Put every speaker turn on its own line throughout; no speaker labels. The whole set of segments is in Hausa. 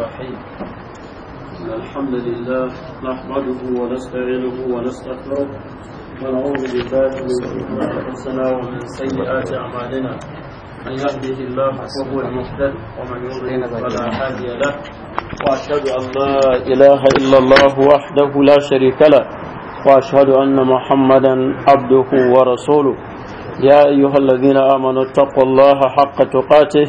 الرحيم الحمد لله نحمده ونستعينه ونستغفره ونعوذ بالله من شرور انفسنا ومن سيئات اعمالنا من يهده الله وهو المهتد ومن يضلل فلا هادي له واشهد ان لا اله الا الله وحده لا شريك له واشهد ان محمدا عبده ورسوله يا ايها الذين امنوا اتقوا الله حق تقاته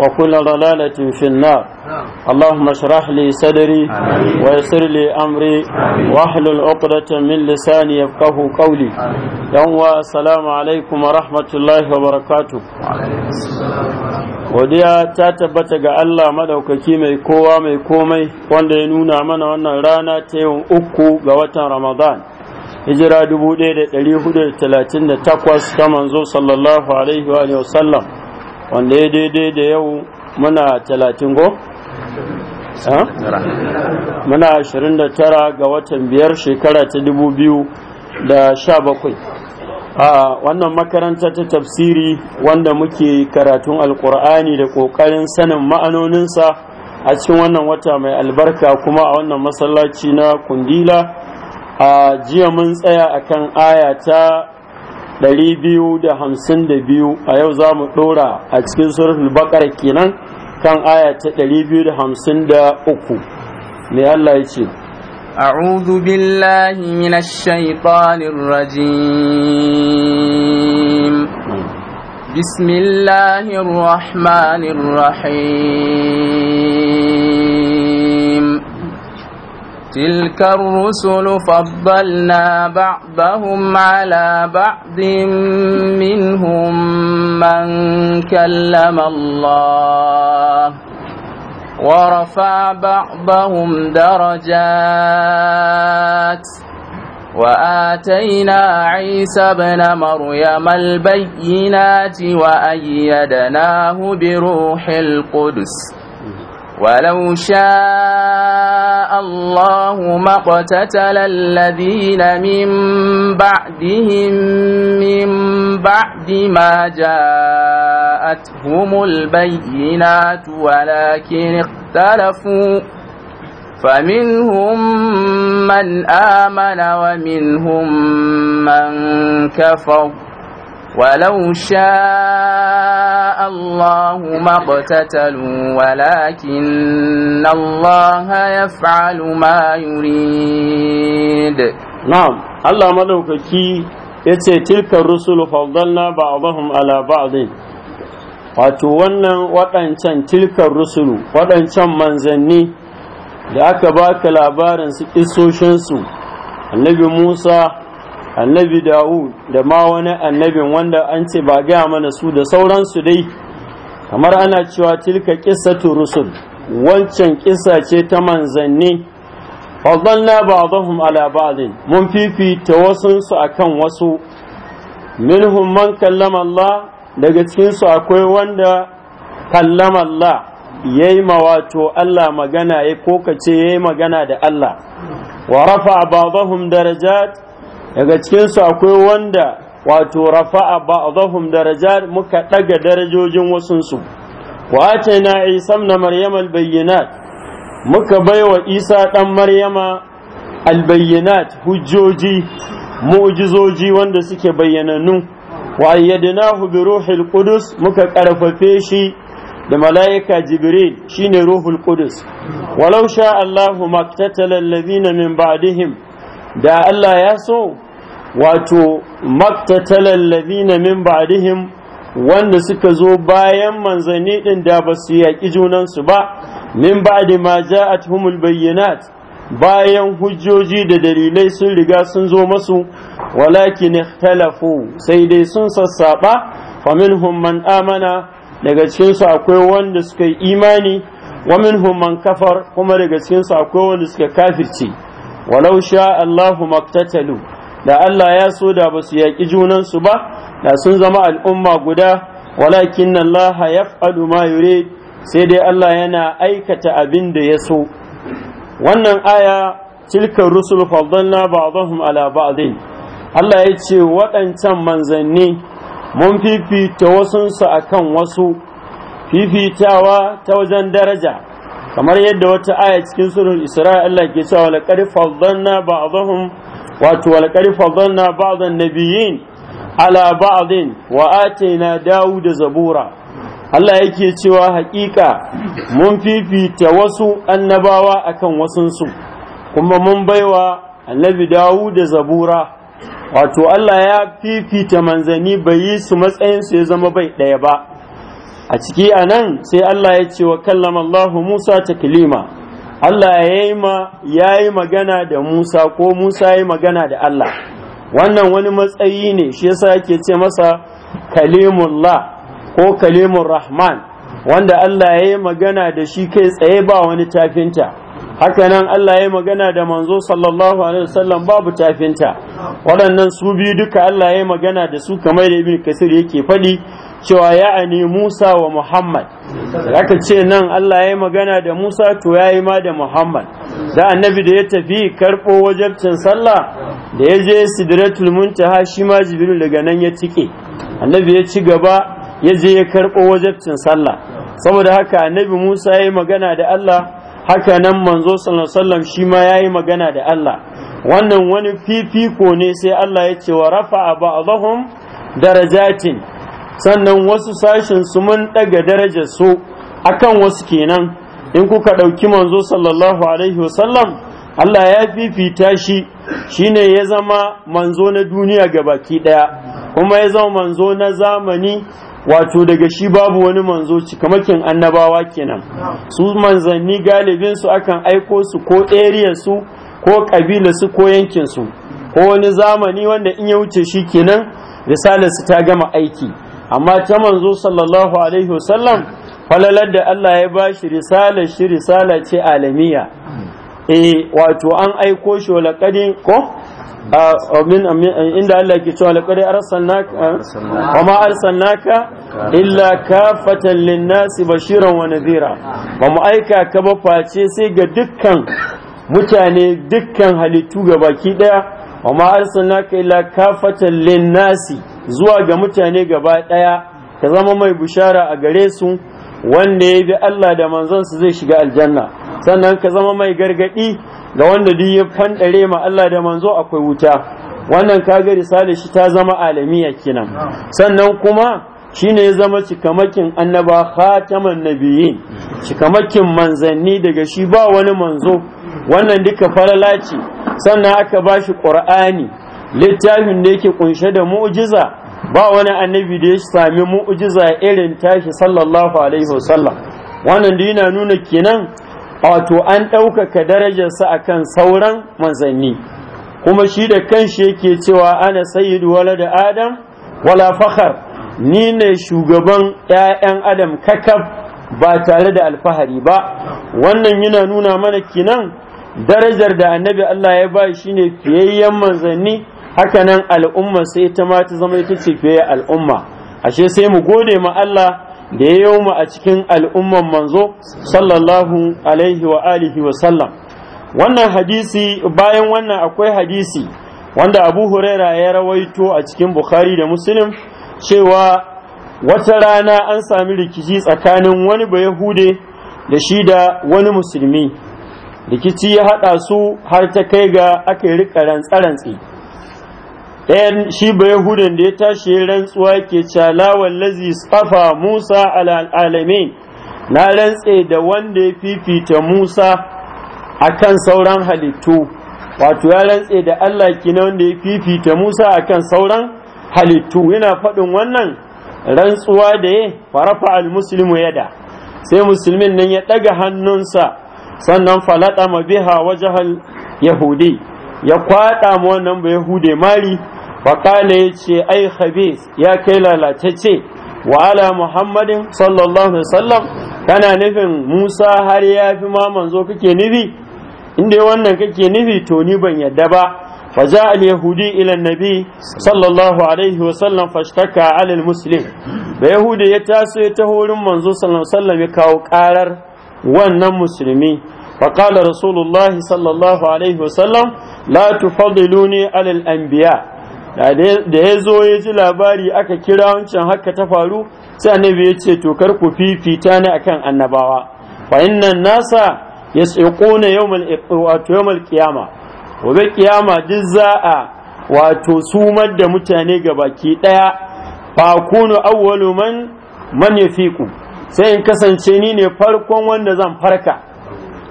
وكل ضلالة في النار اللهم اشرح لي صدري ويسر لي أمري واحلل عقدة من لساني يفقه قولي يوم السلام عليكم ورحمة الله وبركاته godiya ta tabbata ga Allah madaukaki mai kowa mai komai wanda ya nuna mana wannan rana ta yawan uku ga watan Ramadan hijira 1438 ta manzo sallallahu alaihi wa sallam wanda ya daidai da yau muna talatin go? muna ashirin da tara ga watan biyar shekara ta dubu biyu da sha bakwai a wannan makaranta ta tafsiri wanda muke karatun alkur'ani da ƙoƙarin sanin ma'anoninsa a cikin wannan wata mai albarka kuma a wannan masallaci na kundila a jiya mun tsaya akan aya ta 252 a yau za mu ɗora a cikin suratul bakar kenan kan aya ta 253 ne Allah ya ce
أعوذ بالله من الشيطان الرجيم بسم الله الرحمن الرحيم تلك الرسل فضلنا بعضهم على بعض منهم من كلم الله ورفع بعضهم درجات وآتينا عيسى ابن مريم البينات وأيدناه بروح القدس ولو شاء الله ما اقتتل الذين من بعدهم من بعد ما جاءتهم البينات ولكن اختلفوا فمنهم من آمن ومنهم من كفر ولو شاء الله ما اقتتلوا ولكن الله يفعل ما يريد نعم الله
ملوككي yace تلك الرسل فضلنا بعضهم على بعض wato wannan waɗancan tilkar rusulu waɗancan manzanni da aka baka labarin su isoshinsu annabi Musa annabi da'ud da ma wani annabin wanda an ce ba gaya mana su da sauransu dai kamar ana cewa tilka qissatu rusul wancan kissa ce ta manzanni fadanna ba'dahum ala ba'din mun fifita wasunsu akan wasu minhum man kallama Allah daga cikinsu akwai wanda kallama Allah ya mawato Allah magana yayi kokace ya yi magana da Allah wa rafa ba'dahum darajat daga cikinsu akwai wanda wato rafa'a ba'dahum darajat muka daga darajojin wasunsu wa atayna isa ibn maryam albayyinat muka baiwa isa dan maryama albayyanat hujjoji mu'jizoji wanda suke bayyanannu wa ayyadnahu bi ruhil qudus muka karfafe shi da mala'ika jibril shine ruhul qudus walau sha Allahu maktatal na min ba'dihim da Allah ya so wato maktatalal ladina min ba'dihim wanda suka zo bayan manzanni din da ba su yaƙi junansu ba min ba'di ma ja'at humul bayyinat bayan hujjoji da dalilai sun riga sun zo masu walakin ikhtalafu sai dai sun sassaba faminhum man amana daga cikin su akwai wanda suka yi imani wa minhum man kafar kuma daga cikin su akwai wanda suka kafirce walau sha Allahu maktatalu da Allah ya so da ba su yaƙi junansu ba da sun zama al'umma guda walakin Allah yaf'alu ma yurid sai dai Allah yana aikata abin da ya so wannan aya tilka rusul faddalna ba'dahum ala ba'din Allah ya ce waɗancan manzanni mun fifita wasunsu akan wasu fifitawa ta wajen daraja kamar yadda wata aya cikin surun isra'i Allah ke cewa laqad faddalna ba'dahum wato laqad faddalna ba'dhan nabiyyin ala ba'din wa atayna dawuda zabura Allah yake cewa haƙiƙa mun fifita wasu annabawa akan wasunsu kuma mun baiwa annabi dawuda zabura wato Allah ya fifita manzani bai yi su matsayinsu ya zama bai ɗaya ba a ciki a nan sai Allah ya ce wa kallama Allahu Musa kilima Allah ya yi magana da Musa ko Musa ya yi magana da Allah wannan wani matsayi ne shi yasa yake ce masa kalimullah ko kalimun rahman wanda Allah ya yi magana da shi kai tsaye ba wani tafinta hakanan Allah ya yi magana da manzo sallallahu alaihi wasallam babu tafinta waɗannan su biyu duka Allah ya yi magana da su kamar da ibn kasir yake faɗi cewa ya'ani Musa wa Muhammad aka ce nan Allah ya yi magana da Musa to ya yi ma da Muhammad da annabi da ya tafi karɓo wajabcin sallah da ya je sidratul muntaha shi ma jibril daga nan ya tike annabi ya ci gaba ya je ya karɓo wajabcin sallah saboda haka annabi Musa ya yi magana da Allah haka nan manzo sallallahu alaihi wasallam shi ma ya yi magana da Allah wannan wani fifiko ne sai Allah ya ce wa rafa'a ba'dhum darajatin sannan wasu sashen su mun ɗaga daraja su akan wasu kenan in kuka ɗauki manzo sallallahu alaihi wasallam Allah ya fifita shi shine ya zama manzo na duniya ga baki ɗaya kuma ya zama manzo na zamani wato daga shi babu wani manzo cikamakin annabawa kenan su manzanni galibin su akan aiko su ko area su ko kabila su ko yankinsu, su ko wani zamani wanda in ya wuce shi kenan da ta gama aiki amma ta manzo sallallahu alaihi wasallam falalar da Allah ya bashi risala shi risala ce alamiya eh wato an aiko shi wala kadin ko inda Allah ke cewa laqad eh? arsalnaka wa ma arsalnaka illa kafatan lin-nasi bashiran wa nadhira ba mu aika ka ba face sai ga dukkan mutane dukkan halittu gabaki daya wa ma arsalnaka illa kafatan lin-nasi zuwa ga mutane gaba ɗaya ka zama mai bushara a gare su wanda ya bi Allah da manzansa zai shiga aljanna sannan ka zama mai gargaɗi ga wanda duk ya fanɗare ma Allah da manzo akwai wuta wannan kaga risalar shi ta zama alamiya kenan sannan kuma shine ya zama cikamakin annaba khataman nabiyyin cikamakin manzanni daga shi ba wani manzo wannan duka falala ce sannan aka bashi qur'ani littafin da yake kunshe da mu'jiza ba wani annabi da ya sami mu'jiza irin tashi sallallahu alaihi wasallam wannan da yana nuna kenan wato an ɗaukaka darajarsa akan sauran manzanni kuma shi da kanshi yake cewa ana sayyidu wala da adam wala fakhar ni ne shugaban 'ya'yan adam kakaf ba tare da alfahari ba wannan yana nuna mana kenan darajar da annabi Allah ya ba shi ne fiyayyen manzanni Haka nan, al'umma sai ta ma ta zama ita ce fiye al'umma ashe sai mu gode ma Allah da ya yau mu a cikin al'umman manzo sallallahu alaihi wa alihi wa sallam wannan hadisi bayan wannan akwai hadisi wanda abu huraira ya rawaito a cikin bukhari da muslim cewa wata rana an sami rikici tsakanin wani bayahude da shi da wani musulmi rikici ya haɗa su har ta kai ga aka yi riƙa rantsa ɗayan shi ba yahudan da ya tashi ya rantsuwa ke cala wallazi tsafa musa al’alame na rantse da wanda ya fifita musa akan sauran halittu wato ya rantse da allah kina wanda ya fifita musa akan sauran halittu yana faɗin wannan rantsuwa da ya farafa al almuslimu yada sai musulmin nan ya ɗaga hannunsa sannan falaɗa biha wajen yahudi ya kwaɗa ma wannan ba yahude mari faƙale ya ce ai habis ya kai lalatacce ce, wa'ala muhammadin sallallahu alaihi wasallam kana nufin musa har ya fi ma manzo kake nufi inda wannan kake nufi to ni ban yarda ba fa ja'al yahudi ila nabi sallallahu alaihi wasallam fashtaka alal muslim da yahudi ya tasa ya ta horin manzo sallallahu alaihi ya kawo ƙarar wannan musulmi فقال رسول الله صلى الله عليه وسلم لا تفضلوني على da ya zo ya ji labari aka kira wancan haka ta faru sai annabi ya ce to kar ku fifita ni akan annabawa fa innan nasa yasiquna yawmal wato yawmal qiyama gobe qiyama duk za a wato sumar da mutane ga baki daya fa kunu awwalu man man yafiqu sai in kasance ni ne farkon wanda zan farka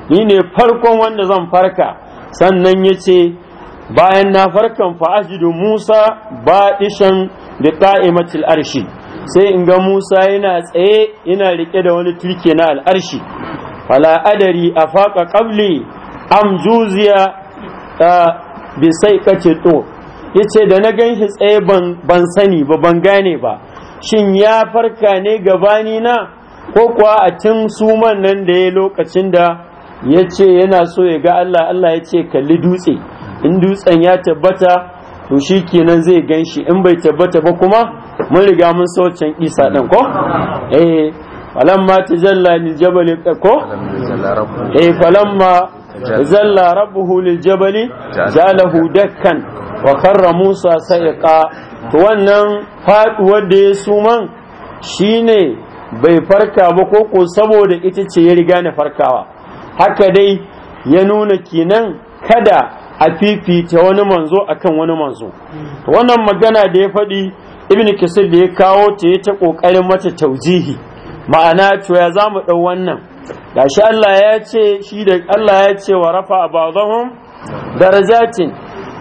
ni ne farkon wanda zan farka sannan yace bayan na farkan fa'ajidu Musa ba ishan da ta'imacin arshi sai in ga Musa yana tsaye yana riƙe da wani turke na al'arshi fala adari a faƙa ƙabli am ta bi sai kace to yace da na gan shi tsaye ban sani ba ban gane ba shin ya farka ne gabani na ko kuwa a cin suman nan da ya lokacin da ya ce yana so ya ga Allah Allah ya ce kalli dutse in dutsen ya tabbata to shi kenan zai ganshi in bai tabbata ba kuma mun riga mun can isa ɗin ko eh falamma tajalla ni jabali ko eh falamma tajalla rabbuhu lil jabali jalahu dakkan wa karra musa sa'iqa to wannan faduwar da ya suman shine bai farka ba ko ko saboda ita ce ya riga na farkawa haka dai ya nuna kenan kada a fifita wani manzo akan wani manzo hmm. wannan magana da ya faɗi ibn kisir da ya kawo ta ya ta ƙoƙarin mata taujihi ma'ana cewa za mu ɗau wannan shi Allah ya ce shi da Allah ya ce wa rafa ba'dahum darajatin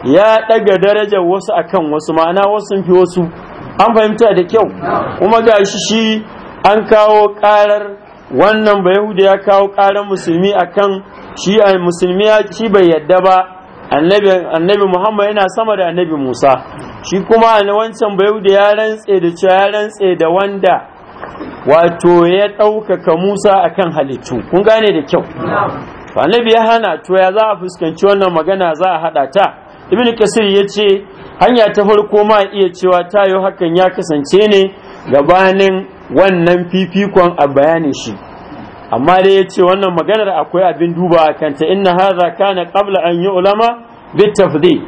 ya ɗaga darajar wasu akan wasu ma'ana wasu fi wasu an fahimta da kyau kuma ga shi shi an kawo ƙarar wannan ba ya kawo ƙarar musulmi akan shi musulmi shi bai yadda ba annabi muhammad yana sama da annabi musa shi kuma wancan bayu da ya rantse da cewa ya rantse da wanda wato ya ɗaukaka musa akan halittu kun gane da kyau annabi ya hana to ya za a fuskanci wannan magana za a haɗa ta ibn kasir ya ce hanya ta farko ma iya cewa tayo hakan ya kasance ne gabanin wannan fifikon a bayanin shi amma dai ya ce wannan maganar akwai abin duba kanta inna haza kana qabla an yi ulama bitafdi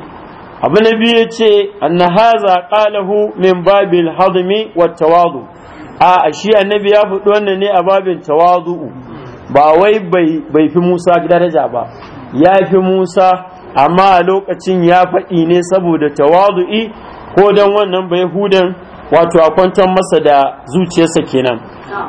abu na biyu ya ce anna haza qalahu min babil hadmi wa tawadu a shi annabi ya faɗi wannan ne a babin tawadu ba wai bai fi musa daraja ba ya fi musa amma a lokacin ya faɗi ne saboda tawadu'i ko don wannan bai hudan wato a kwantar masa da zuciyarsa kenan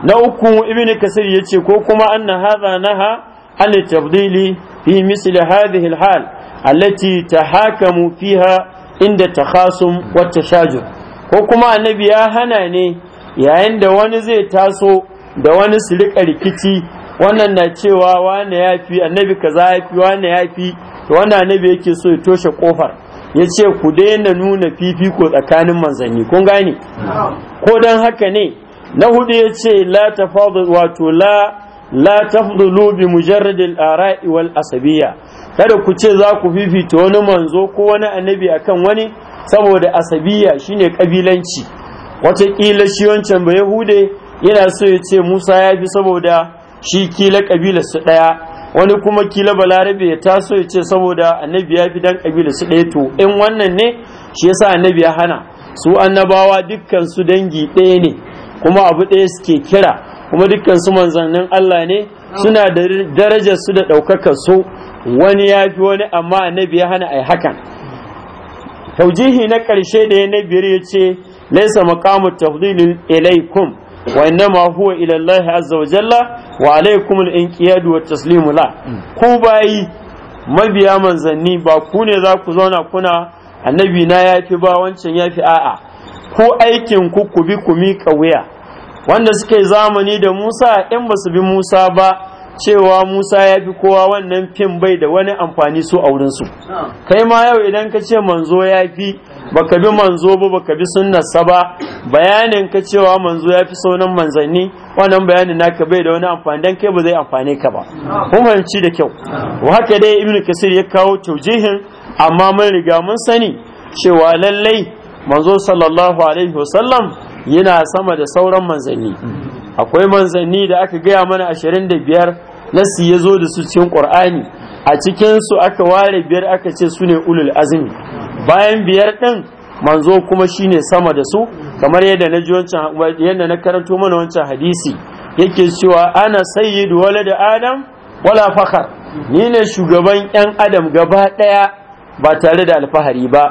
na uku ibn kasir ya ce ko kuma anna hadha naha an tabdili fi misli hadhihi alhal allati tahakamu fiha inda takhasum wa tashajur ko kuma annabi ya hana ne yayin da wani zai taso da wani su rika rikici wannan na cewa wane ya annabi kaza yafi fi wane ya to wannan annabi yake so ya toshe kofar ya ce ku daina nuna fifiko tsakanin manzanni kun gane ko don haka ne na hudu ya ce la wato la la tafdulu bi mujarradil ara'i wal asabiyya kada ku ce za ku fifita wani manzo ko wani annabi akan wani saboda asabiyya shine kabilanci wataƙila shi wancan ba yahude yana so ya ce musa ya fi saboda shi kila kabilar su ɗaya wani kuma kila balarabe ya taso ya ce saboda annabi ya fi dan kabila su ɗaya to in wannan ne shi yasa annabi ya hana su annabawa dukkan su dangi ɗaya ne kuma abu ɗaya suke kira kuma dukkan su manzannin Allah ne suna da darajar su da ɗaukakar su wani ya fi wani amma annabi ya hana ai hakan taujihi na ƙarshe da ya na biyar ya ce laisa maqamu tafdilin ilaikum wa innama huwa ila Allah azza wa jalla wa alaikum inqiyadu wa taslimu la ku bayi mabiya manzanni ba ku ne za ku zauna kuna annabi na yafi ba wancan yafi a'a ko aikin ku ku bi ku miƙa wuya wanda suke zamani da Musa in ba su bi Musa ba cewa Musa ya fi kowa wannan fim bai da wani amfani su a wurin su. kai ma yau idan ka ce manzo ya fi baka bi manzo ba baka bi sa ba bayanin ka cewa manzo ya fi saunan manzanni wannan bayanin naka bai da wani amfani dan kai ba zai amfane ka ba kun fahimci da kyau haka dai ibnu kasir ya kawo taujihin amma mun riga mun sani cewa lallai manzo sallallahu alaihi wasallam yana sama da sauran manzanni akwai manzanni da aka gaya mana ashirin da biyar nasi ya zo da su cikin ƙur'ani a cikin su aka ware biyar aka ce su ne ulul azumi bayan biyar ɗin manzo kuma shine sama da su kamar yadda na yadda na karanto mana wancan hadisi yake cewa ana sayyidu wala da adam wala fakar ni ne shugaban yan adam gaba ɗaya ba tare da alfahari ba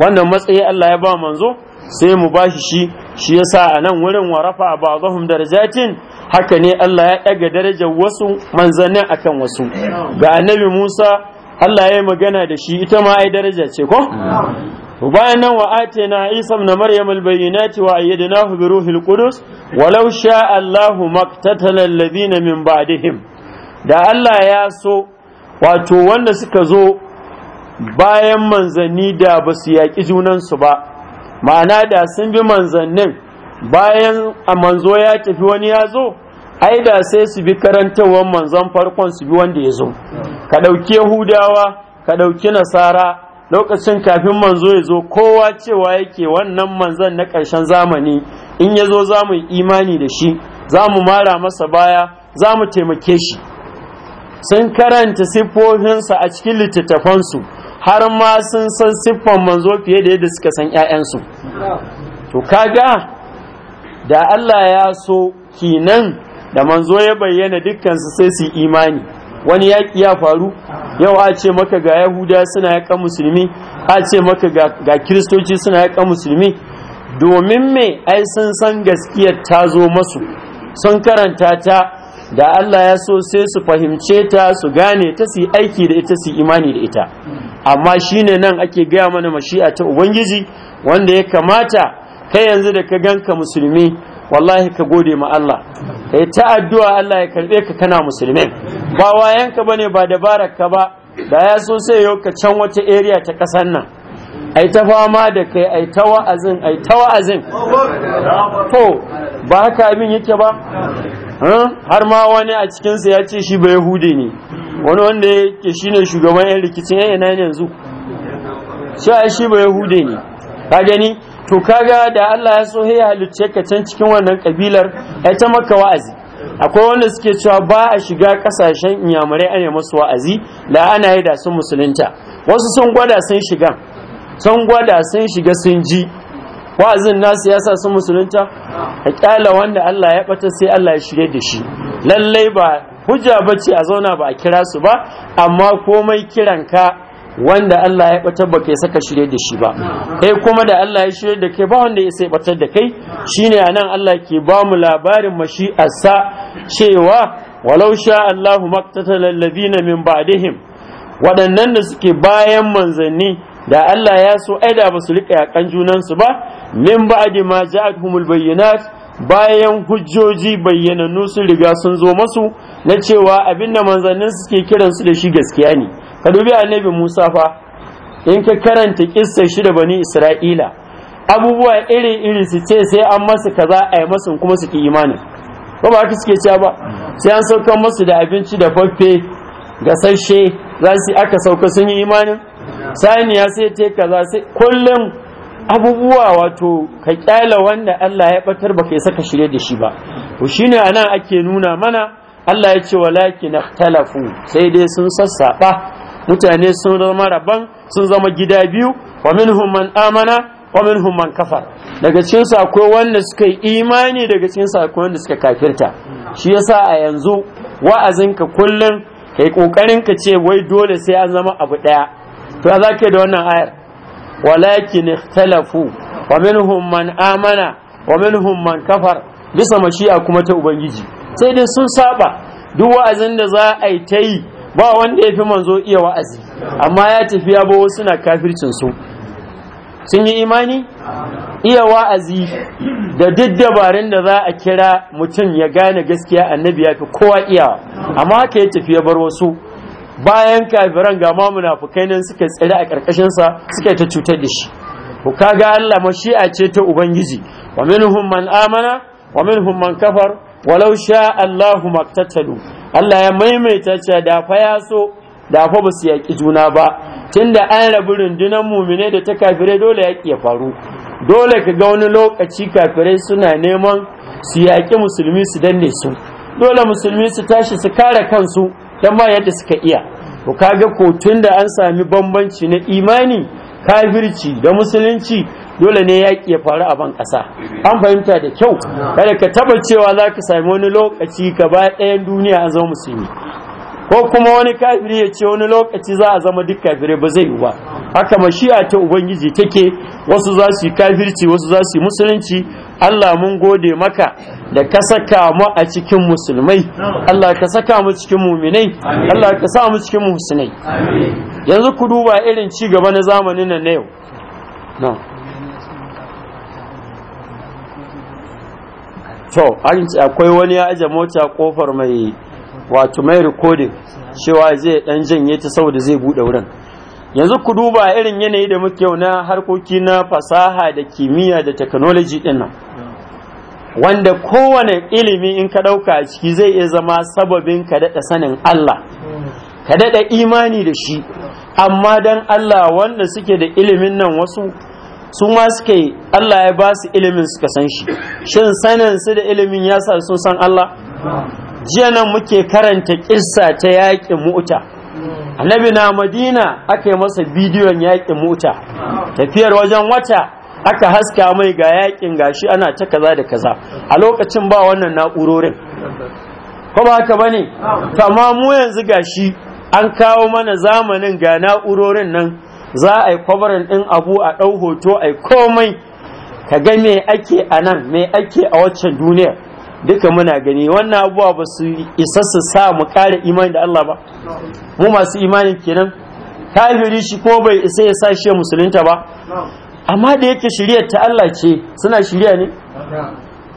wannan matsayi Allah ya ba manzo sai mu bashi shi shi yasa a nan wurin wa rafa ba'dhum darajatin haka ne Allah ya ɗaga darajar wasu manzannin akan wasu ga annabi Musa Allah ya yi magana da shi ita ma ai daraja ce ko bayan nan wa atina isa na maryam albayyinati wa ayyadnahu bi ruhil qudus walau sha Allahu maqtatala alladhina min ba'dihim da Allah ya so wato wanda suka zo bayan manzanni da ba su yaƙi junansu ba ma'ana da sun bi manzannin bayan a manzo ya tafi wani ya zo ai da sai su bi karantawar manzon farkon su bi wanda ya zo ka ɗauki yahudawa ka ɗauki nasara lokacin kafin manzo ya zo kowa cewa yake wannan manzon na ƙarshen zamani in ya zo za mu yi imani da shi za mu mara masa baya za mu taimake shi sun karanta siffofinsa a cikin littattafansu har ma sun san siffan manzo fiye da yadda suka san 'ya'yansu to kaga da Allah ya so kinan da manzo ya bayyana dukkansu sai su imani wani yaƙi ya faru yau a ce maka ga yahuda suna yaƙa musulmi a ce maka ga kiristoci suna yaƙa musulmi domin me ai sun san gaskiyar ta zo masu sun karanta ta da Allah ya so sai su fahimce ta su gane ta su aiki da ita su imani da ita amma shine nan ake gaya mana mashi'a ta ubangiji wanda ya kamata kai yanzu da ka ganka musulmi wallahi ka gode ma Allah kai ta addu'a Allah ya karbe ka kana musulmi ba yanka bane ba dabarar ka ba da ya so sai yau ka can wata area ta kasan nan ai ta fama da kai ai ta wa'azin ai ta wa'azin to ba haka abin yake ba har ma wani a cikinsa ya ce shi ba yahudi ne wani wanda yake shine shugaban yan rikicin yan eh, yanzu shi a shi ba yahudi ne ka gani to kaga da Allah ya so ya halicce ka can cikin wannan kabilar ai ta maka wa'azi akwai wanda suke cewa ba a shiga kasashen inyamurai ana musu wa'azi da ana yi da su musulunta wasu sun gwada sun shiga sun gwada sun shiga sun ji wa'azin nasu ya sa sun musulunta a kyala wanda Allah ya bata sai Allah ya shirye da shi lallai ba hujja bace a zauna ba a kira su ba amma komai kiran ka. wanda Allah ya batar ba kai saka shirye da shi ba kai kuma da Allah ya shirye da kai ba wanda ya sai batar da kai shine anan Allah ke ba mu labarin mashi'arsa cewa walau sha Allah maktatala alladhina min ba'dihim waɗannan da suke bayan manzanni da Allah ya so aida ba su rika yakan junansu ba min ba'di ma ja'atuhumul bayyinat bayan hujjoji bayyanannu sun riga sun zo masu na cewa abin da manzannin suke kiransu da shi gaskiya ne ka dubi annabi Musa fa in ka karanta kissar shi da bani Isra'ila abubuwa iri iri su ce sai an masa kaza a yi masa kuma su ki imani ba ba haka suke cewa ba sai an sauka masu da abinci da baffe sashe za su aka sauka sun yi imanin saniya sai ta kaza sai kullum abubuwa wato ka kyala wanda Allah ya batar ba kai saka shirye da shi ba to shine anan ake nuna mana Allah ya ce walakin ikhtalafu sai dai sun sassaba mutane sun zama rabban sun zama gida biyu wa minhum man amana wa minhum man kafar daga cikin su akwai wanda suka yi imani daga cikin su akwai wanda suka kafirta shi yasa a yanzu wa'azinka kullum kai kokarin ka ce wai dole sai an zama abu daya to za ka da wannan ayar walakin ikhtalafu wa minhum man amana wa minhum man kafar bisa mashi'a kuma ta ubangiji sai dai sun saba duk wa'azin da za a yi ta yi ba wanda ya fi manzo iya wa'azi amma ya tafi ya bawo suna kafircin su sun yi imani iya wa'azi da duk dabarun da za a kira mutum ya gane gaskiya annabi ya fi kowa iya amma haka ya tafi ya bar wasu bayan kafiran ga ma munafukai nan suka tsira a karkashin sa suka ta cutar da shi ku kaga Allah mashi'a ce ta ubangiji wa minhum man amana wa minhum man kafar walau sha Allahu maktatalu Allah ya maimaita cewa da fa ya so da fa ba su yaƙi juna ba tunda an rabu rundunar mumine da ta kafirai dole yaƙi ya faru dole ka ga wani lokaci kafirai suna neman su yaƙi musulmi su danne su dole musulmi su tashi su kare kansu don ma yadda suka iya to kaga ko da an sami bambanci na imani kafirci da musulunci dole ne yaƙi ya faru a ban ƙasa an fahimta da kyau kada ka taba cewa za ka sami wani lokaci ba ɗayan duniya a zama musulmi ko kuma wani kafiri ya ce wani lokaci za a zama duk kafirai ba zai yi ba haka mashi'a ta ubangiji take wasu za su yi kafirci wasu za su yi musulunci Allah mun gode maka da ka saka mu a cikin musulmai Allah ka saka mu cikin muminai Allah ka sa mu cikin musulmai yanzu ku duba irin ci gaba na zamanin nan na yau to akwai wani ya aje mota kofar mai wato mai rikodin cewa zai dan janye ta saboda zai bude wurin yanzu ku duba irin yanayi da muke na harkoki na fasaha da kimiyya da technology din nan wanda kowane ilimi in ka ɗauka a ciki zai iya zama sababin ka daɗa sanin Allah ka daɗa imani da shi amma dan Allah wanda suke da ilimin nan wasu su ma suke Allah ya ba su ilimin suka san shi shin sanin su da ilimin ya sa sun san Allah jiya nan muke karanta kissa ta yaƙin mu'ta annabi na madina aka yi masa bidiyon yaƙin mu'uta tafiyar wajen wata aka haska mai ga yaƙin gashi ana ta kaza da kaza a lokacin ba wannan na'urorin ko ba haka bane to amma mu yanzu gashi an kawo mana zamanin ga na'urorin nan za a yi kwabarin ɗin abu a ɗau hoto a komai ka ga me ake a nan me ake a waccan duniya duka muna gani wannan abubuwa ba su isa su sa mu ƙara imani da Allah ba mu masu imanin kenan kafiri shi ko bai isa ya sa shi musulunta ba amma da yake shirya ta Allah ce suna shirya ne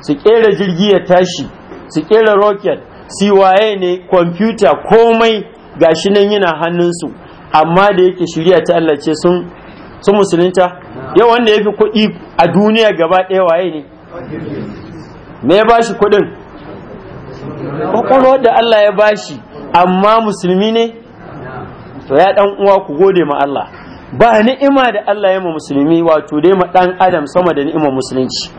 su kera jirgi ya tashi su kera rocket su waye ne kwamfuta komai gashi nan yana hannunsu amma da yake shirya ta Allah ce sun sun musulunta yau wanda ya fi kuɗi a duniya gaba ɗaya waye ne me ya bashi kuɗin kokoro da Allah ya bashi amma musulmi ne to ya dan uwa ku gode ma Allah ba ni'ima da Allah ya ma musulmi wato dai ma ɗan adam sama da ni'imar musulunci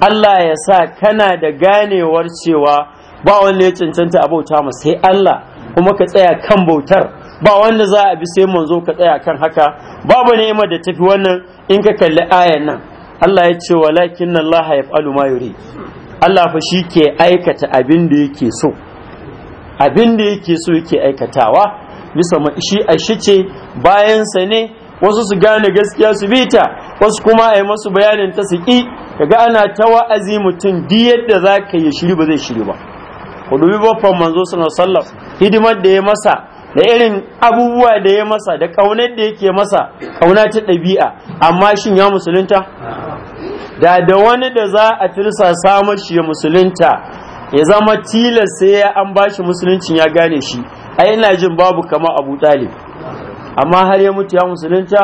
Allah ya sa kana da ganewar cewa ba wanda ya cancanta a bauta mu sai Allah kuma ka tsaya kan bautar ba wanda za a bi sai manzo ka tsaya kan haka babu ni'ima da tafi wannan in ka kalli ayan nan Allah ya ce walakin Allah yaf'alu ma yuri Allah fa shi ke aikata abin da yake so abin da yake so yake aikatawa bisa ma shi shi ce bayan sa ne wasu su gane gaskiya su bi ta wasu kuma a yi masu bayanin ta su ki kaga ana ta wa'azi mutum duk yadda za ka yi shiri ba zai shiri ba ku dubi baffan manzo sallallahu hidimar da ya masa da irin abubuwa da ya masa da ƙaunar da yake masa ƙauna ta ɗabi'a amma shin ya musulunta da da wani da za a tirsasa shi ya musulunta ya zama tilas sai ya an shi musuluncin ya gane shi A ina jin babu kama abu talib amma har ya mutu ya musulunta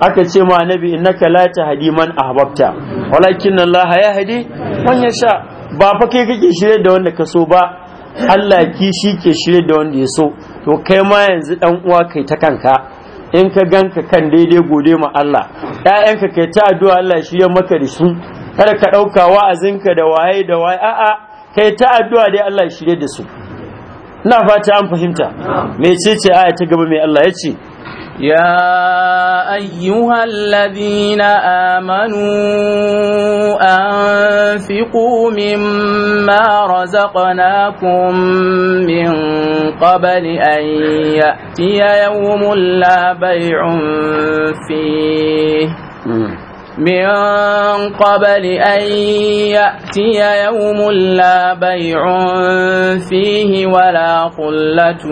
aka ce ma nabi innaka la tahdi man ahbabta walakin Allah hadi? man yasha ba fa kai kake shirye da wanda ka so ba Allah ki shi ke shirye da wanda ya so to kai ma yanzu dan uwa kai ta kanka in ka ganka kan daidai gode ma Allah ƴaƴanka kai ta addu'a Allah shi ya maka da shi kada ka ɗauka wa'azinka da waye da waye a'a kai ta addu'a dai Allah shi da su ina fata an fahimta mecece aya ta gaba mai Allah ya ce
يا أيها الذين آمنوا أنفقوا مما رزقناكم من قبل أن يأتي يوم لا بيع فيه من قبل أن يأتي يوم لا بيع فيه ولا قلة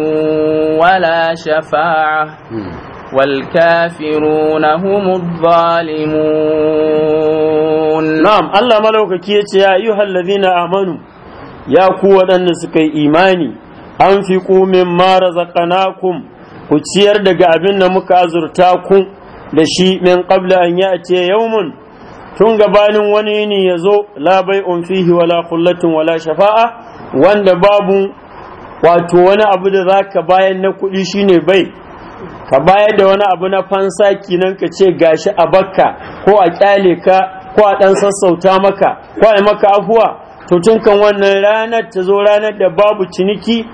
ولا شفاعة والكافرون هم الظالمون نعم
الله ملوك يا أيها الذين آمنوا يا قوة النسك إيماني أنفقوا مما رزقناكم كتير دقا أبن مكازرتاكم لشيء من قبل أن يأتي يوم tun gabanin wani ne ya zo labai fihi wala kullatin wala shafa'a wanda babu wato wani abu da zaka bayan na kuɗi shine bai ka bayar da wani abu na fansa kinan ka ce gashi a bakka ko a kyale ka ko a ɗan sassauta maka ko a maka afuwa to tun kan wannan ranar ta zo ranar da babu ciniki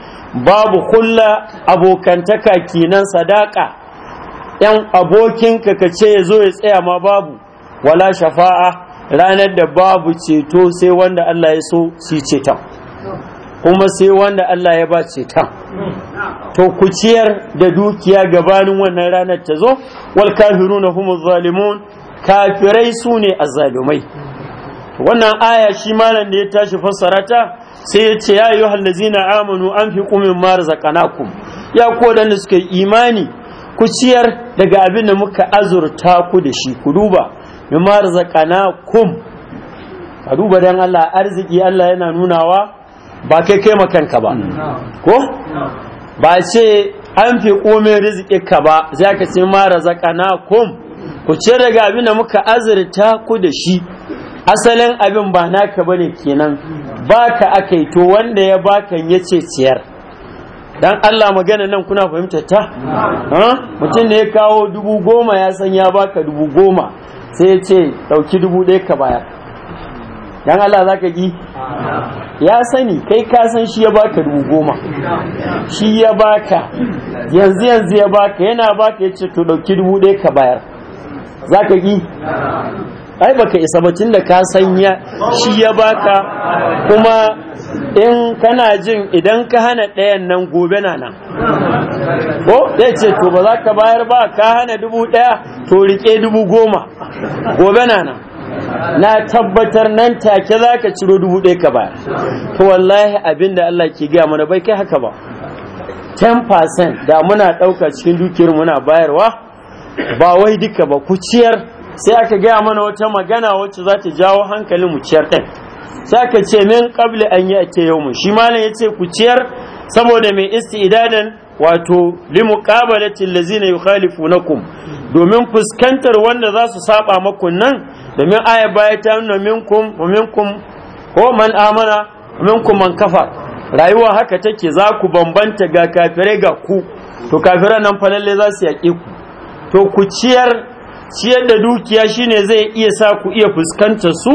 babu kulla abokantaka kinan sadaka yan abokinka ka ce ya zo ya tsaya ma babu wala shafa'a ranar da babu ceto sai wanda Allah ya so shi ceton kuma sai wanda Allah ya ba ta. to ku ciyar da dukiya gabanin wannan ranar ta zo wal kafiruna humuz zalimun kafirai su ne azzalumai wannan aya shi malam da ya tashi fassara ta sai ya ce ya ayyuhal ladzina amanu anfiqu mimma razaqnakum ya ko da suka yi imani ku ciyar daga abin da muka azurta ku da shi ku duba mimma razaqnakum ka duba dan Allah arziki Allah yana nunawa ba kai kai makanka ba
mm.
ko ba ce an fi komin ka ba za ka ce ma Na kum ku ce daga abin da muka azurta ku da shi asalin abin ba naka ne kenan mm. aka yi to wanda ya baka ya ce ciyar dan Allah magana nan kuna fahimtar ta mm. mutum ne ya kawo dubu goma ya san ya baka dubu goma sai ya ce ɗauki dubu ɗaya ka bayar dan Allah za ka ji ya sani kai ka san shi ya baka dubu goma shi ya baka yanzu yanzu ya baka yana baka ya ce to ɗauki dubu ɗaya ka bayar za ka ji ai baka isa ba tunda ka san ya shi ya baka kuma in kana jin idan ka hana ɗayan nan gobe na nan ko zai ce to ba za ka bayar ba ka hana dubu ɗaya to riƙe dubu goma gobe na nan na tabbatar nan take za ka ciro dubu ɗaya ka ba to wallahi abin da Allah ke gaya mana bai kai haka ba 10% da muna ɗauka cikin dukiyar muna bayarwa ba wai duka ba ku ciyar sai aka gaya mana wata magana wacce za ta jawo hankalin mu ciyar ɗin sai aka ce min ƙabli an yi ake yau shi malam ya ce ku ciyar saboda mai isti'idadan wato limuqabalatil lazina yukhalifunakum domin fuskantar wanda za su saba makun nan domin aya baya ta nuna minkum ko man amana minkum man kafar rayuwa haka take za ku bambanta ga kafirai ga ku to kafirai nan fa lalle za su yaƙe ku to ku ciyar ciyar da dukiya shine zai iya sa ku iya fuskantar su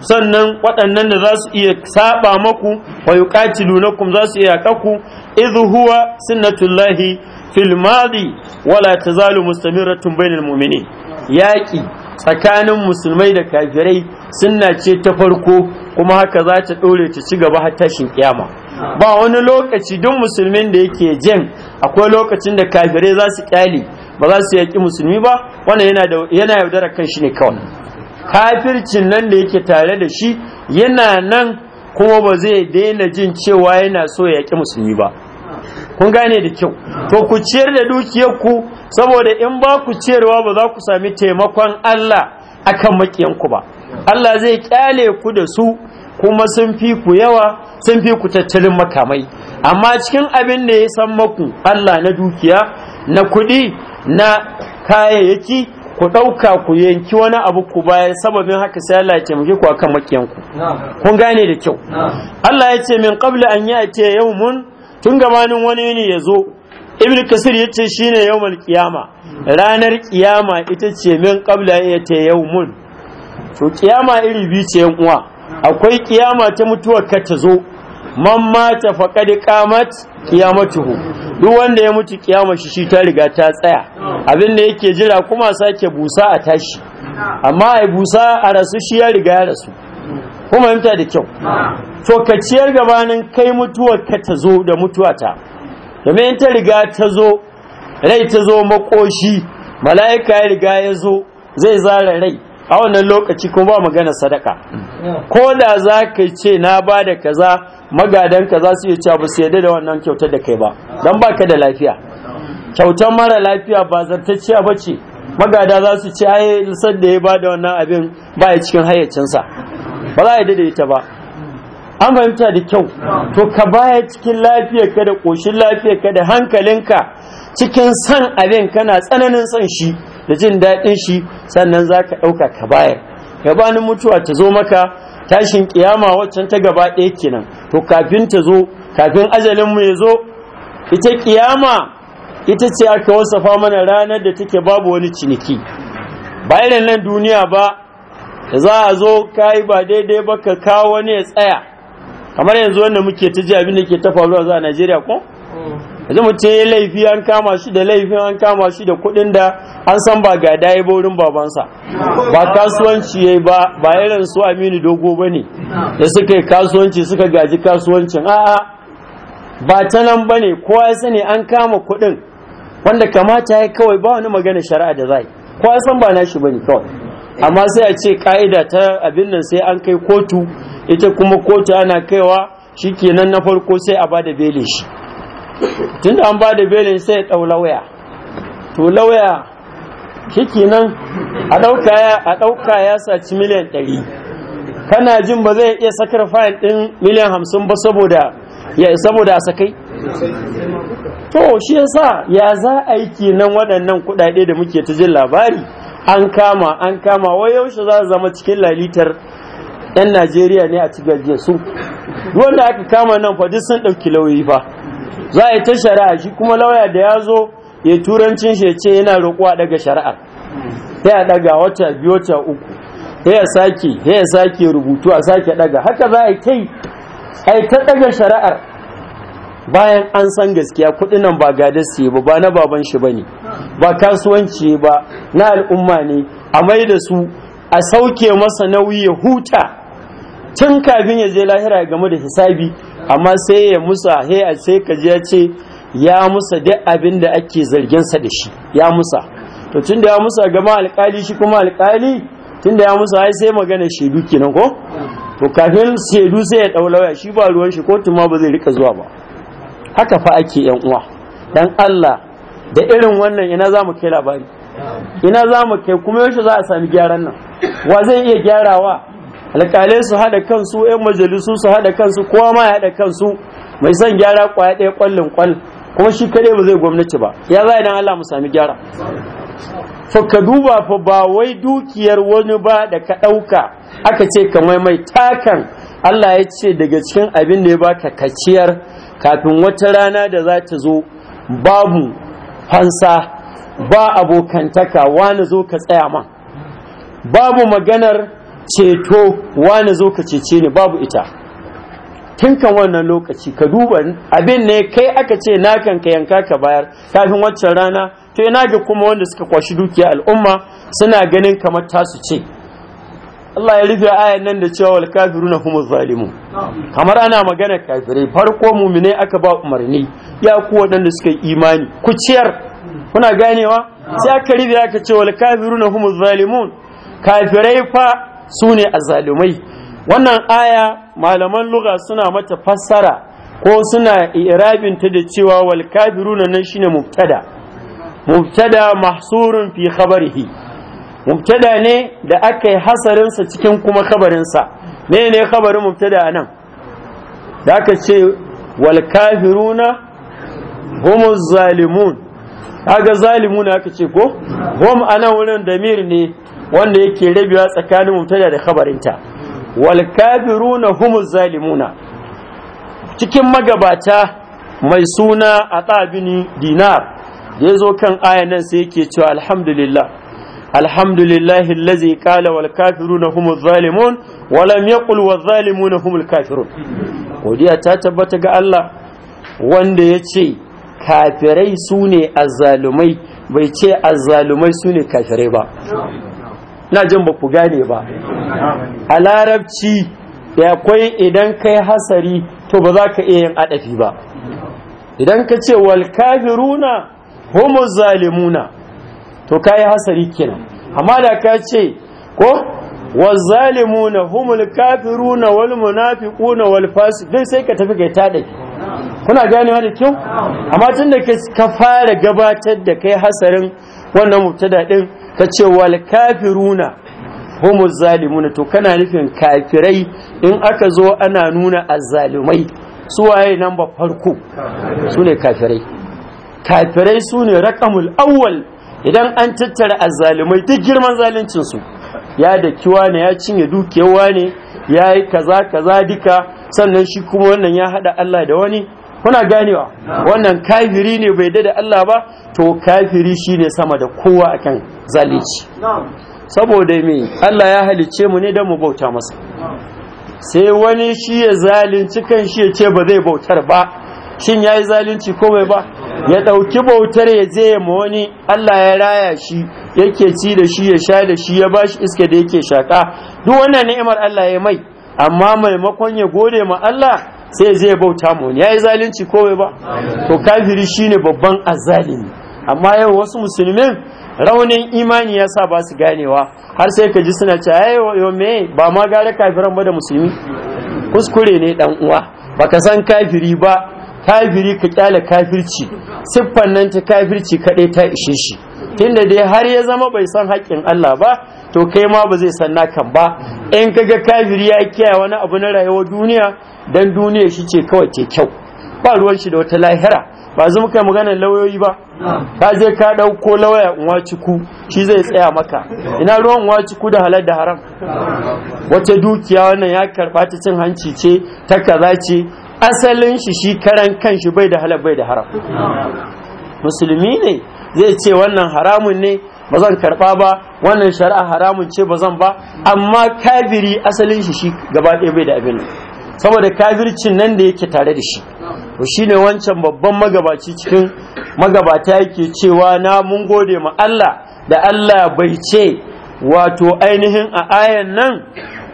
sannan waɗannan da za su iya saba maku wa yuqatilunakum za su iya kaku idh huwa sunnatullahi fil madi wala tazalu mustamirratun bainal mu'minin yaqi tsakanin musulmai da kafirai suna ce ta farko kuma haka za ta ɗore ta ci gaba har tashin kyama ba wani lokaci duk musulmin da yake jin akwai lokacin da kafirai za su kyale ba za su yaƙi musulmi ba wannan yana yaudara kan shi ne kawai kafircin nan da yake tare da shi yana nan kuma ba zai daina jin cewa yana so ya yaƙi musulmi ba kun gane da kyau to ku ciyar da dukiyarku saboda in ba ku ciyarwa ba za ku sami taimakon Allah akan makiyanku ba Allah zai ƙyale ku da su kuma sun fi ku yawa sun fi ku tattalin makamai amma cikin abin da ya san maku Allah na dukiya na kuɗi na kayayyaki ku ɗauka ku yanki wani abu ku bayan sababin haka sai Allah ya taimake ku akan makiyanku kun gane da kyau Allah ya ce min qabla an yau mun tun gabanin wani ne ya zo ibn kasir ya ce shine yawmal kiyama ranar kiyama ita ce min qabla ya ta yawmun to kiyama iri biyu ce yan uwa akwai kiyama ta mutuwar ka ta zo man mata faqad qamat qiyamatuhu duk wanda ya mutu kiyama shi shi ta riga ta tsaya abin da yake jira kuma sake busa a tashi amma ai busa a rasu shi ya riga ya rasu kuma yanta da kyau to ka ciyar gabanin kai mutuwa ka ta zo da mutuwa ta domin in ta riga ta zo rai ta zo makoshi mala'ika ya riga ya zo zai zara rai a wannan lokaci kuma ba magana sadaka ko da za ka ce na ba da kaza magadan ka za su yi cewa ba su yadda da wannan kyautar da kai ba don ba ka da lafiya kyautar mara lafiya ba zartacciya ba ce magada za su ce ai san da ya ba da wannan abin ba ya cikin hayyacinsa ba za a yi da ita ba an fahimta da kyau to ka baya cikin lafiyar ka da ƙoshin lafiyar ka da hankalinka cikin san abin kana tsananin son shi da jin daɗin shi sannan za ka ɗauka ka bayar gabanin mutuwa ta zo maka tashin ƙiyama waccan ta gaba ɗaya kenan to kafin ta zo kafin ajalin mu ya zo ita kiyama ita ce aka wasafa mana ranar da take babu wani ciniki ba nan duniya ba za a zo ka yi ba daidai ba ka kawo wani ya tsaya kamar yanzu wanda muke ta ji abin da ke ta faruwa za a Najeriya ko yanzu mutum ya laifi an kama shi da laifin an kama shi da kuɗin da an san ba ga daya baurin babansa ba kasuwanci yayi ba ba irin su Aminu Dogo bane da suka yi kasuwanci suka gaji kasuwancin a'a ba ta nan bane kowa ya sani an kama kuɗin wanda kamata ya kawai ba wani magana shari'a da zai kowa ya san ba nashi bane kawai amma sai a ce ka'ida ta abin nan sai an kai kotu ita kuma kotu ana kaiwa shikenan na farko sai a bada belin shi tunda an bada belin sai ya ɗau lauya to lauya shikenan a ɗauka ya a ɗauka ya saci miliyan ɗari kana jin ba zai iya sakar fayil ɗin miliyan hamsin ba saboda ya saboda a sakai to shi yasa ya za a yi kenan waɗannan kuɗaɗe da muke ta jin labari an kama an kama wai yaushe za zama cikin lalitar yan najeriya ne a cikin su wanda aka kama nan fa duk sun ɗauki lauyi fa za a yi ta shari'a shi kuma lauya da ya zo ya turancin shi ce yana roƙo a daga shari'a ya daga wata biyu wata uku ya sake ya sake rubutu a sake daga haka za a kai ai ta daga shari'ar bayan an san gaskiya kuɗin nan ba gadasi ba ba na baban shi bane ba kasuwanci ba na al'umma ne a mai da su a sauke masa nauyi ya huta tun kafin ya je lahira game da hisabi amma sai ya musa he a sai ka ya ce ya musa duk abin da ake zargin da shi ya musa to tun da ya musa gama alkali shi kuma alkali tun da ya musa ai sai magana shaidu kenan ko to kafin shaidu sai ya ɗau lauya shi ba ruwan shi kotu ma ba zai rika zuwa ba haka fa ake yan uwa dan Allah da irin wannan ina za mu kai labari ina za mu kai kuma yaushe za a sami gyaran nan wa zai iya gyarawa alƙalai su haɗa kansu 'yan majalisu su haɗa kansu kowa ma ya haɗa kansu mai son gyara kwaya ɗaya ƙwallin kwal kuma shi kaɗai ba zai gwamnati ba ya za ina Allah mu sami gyara fa ka duba fa ba wai dukiyar wani ba da ka ɗauka aka ce kamar mai takan Allah ya ce daga cikin abin da ya baka kaciyar kafin wata rana da za ta zo babu fansa ba abokantaka wani zo ka tsaya man babu maganar ceto wani zo ka cece ne babu ita tun kan wannan lokaci ka duba abin ne kai aka ce nakan ka yanka ka bayar kafin waccan rana to yana ga kuma wanda suka kwashi dukiya al'umma suna ganin kamar tasu ce Allah ya rufe ayan nan da cewa wal kafiruna humu zalimun kamar ana magana kafirai farko mumine aka ba umarni ya ku waɗanda suka yi imani ku ciyar kuna ganewa sai aka rufe aka ce wal kafiruna humu zalimun kafirai fa su sune zalumai? wannan aya malaman lugha suna mata fassara ko suna irabin ta da cewa wal kafiruna nan shine mubtada mubtada mahsurun fi khabarihi mubtada ne da aka yi hasarinsa cikin kuma kabarinsa ne ne kabarin mubtada nan da aka ce wal kafiruna zalimun aga zalimun aka ce ko hum ana wurin damir ne wanda yake rabewa tsakanin mubtada da kabarinta wal kafiruna humuz zalimuna cikin magabata mai suna a dinar da ya zo kan ayanan sai yake cewa alhamdulillah الحمد لله الذي قال والكافرون هم الظالمون ولم يقل والظالمون هم الكافرون godiya ta tabbata ga Allah wanda ya ce kafirai sune ne azzalumai bai ce azzalumai su ne kafirai ba na jin ba ku gane ba a larabci da akwai idan kai hasari to ba za ka iya yin adafi ba idan ka ce wal kafiruna homo zalimuna to kayi hasari kenan amma da ka ce ko wazzalimuna humul kafiruna wal munafiquna wal fasiq dai sai ka tafi kai ta dai kuna ganewa da kyau amma tun da ka fara gabatar da kai hasarin wannan mubtada din ka ce wal kafiruna humul zalimuna to kana nufin kafirai in aka zo ana nuna azzalumai su waye nan farko su kafirai kafirai su ne rakamul awwal idan an tattara azzalumai duk girman zaluncin su ya da kiwa ne ya cinye dukiyawa ne ya yi kaza kaza duka sannan shi kuma wannan ya hada Allah da wani kuna ganewa wannan kafiri ne bai da Allah ba to kafiri shine sama da kowa akan zalici saboda me Allah ya halice mu ne don mu bauta masa sai wani shi ya zalunci kan shi ya ce ba zai bautar ba shin ya yi zalunci ko bai ba ya ɗauki bautar ya je ya wani Allah ya raya shi yake ci da shi ya sha da shi ya ba shi iska da yake shaka duk wannan ni'imar Allah ya mai amma maimakon ya gode ma Allah sai zai bauta mu ya yi zalunci ko ba to kafiri shine babban azalimi amma yau wasu musulmi raunin imani ya sa ba su ganewa har sai ka ji suna cewa yo me ba ma gare kafiran ba da musulmi kuskure ne dan uwa baka san kafiri ba kafiri ka kyale kafirci siffan nan ta kafirci kaɗai ta ishe shi tunda dai har ya zama bai san haƙƙin Allah ba to kai ma ba zai san nakan ba in kaga kafiri ya kiyaye wani abu na rayuwar duniya dan duniya shi ce kawai ce kyau ba ruwan shi da wata lahira ba zama kai maganar lauyoyi ba ka je ka ɗauko lauya ku? shi zai tsaya maka ina ruwan ku da halar da haram wace dukiya wannan ya karɓa ta cin hanci ce ta kaza ce asalin shi shi karan kanshi bai da halal bai da haram musulmi ne zai ce wannan haramun ne ba zan karba ba wannan shari'a haramun ce ba zan ba amma kafiri asalin shi shi gaba ɗaya bai da abin saboda kafircin nan da yake tare da shi to shine wancan babban magabaci cikin magabata yake cewa na mun gode ma Allah da Allah bai ce wato ainihin a ayan nan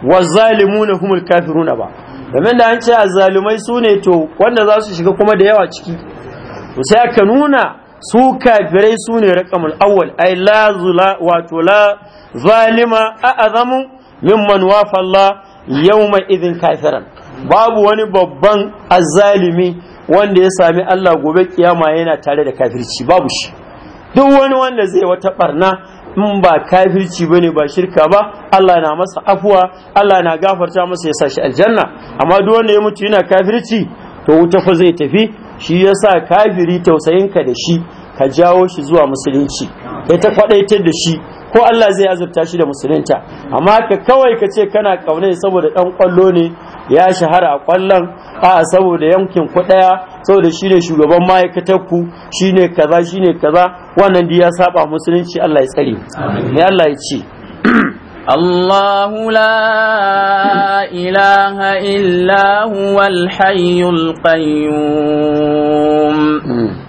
wa zalimuna humul kafiruna ba domin da an ce azzalumai su ne to wanda za su shiga kuma da yawa ciki to sai aka nuna su kafirai su ne rakamul awwal ay la zula wato la zalima a azamu mimman wafa yawma idin kafiran babu wani babban azzalumi wanda ya sami Allah gobe kiyama yana tare da kafirci babu shi duk wani wanda zai wata barna in ba kafirci ba ne ba shirka ba Allah na masa afuwa Allah na gafarta masa ya sa shi aljanna amma duk wanda ya mutu yana kafirci to wuta fa zai tafi shi ya sa kafiri tausayinka da shi ka jawo shi zuwa musulunci ya ta kwadaitar da shi ko Allah zai azurta shi da musulunta amma ka kawai ka ce kana kaune saboda dan kwallo ne ya shahara a kwallon a saboda yankin ku daya saboda shine shugaban ma'aikatar ku shine kaza shine kaza wannan dai ya saba
musulunci Allah ya tsare ne Allah ya ce الله لا إله إلا هو الحي القيوم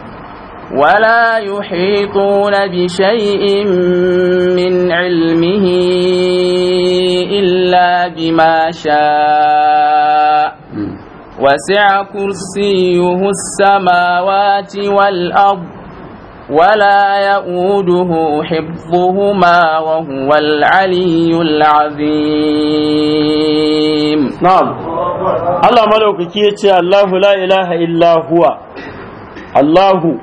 ولا يحيطون بشيء من علمه إلا بما شاء وسع كرسيه السماوات والأرض ولا يؤوده حفظهما وهو العلي العظيم نعم الله ملوك كيتي الله
لا إله إلا هو الله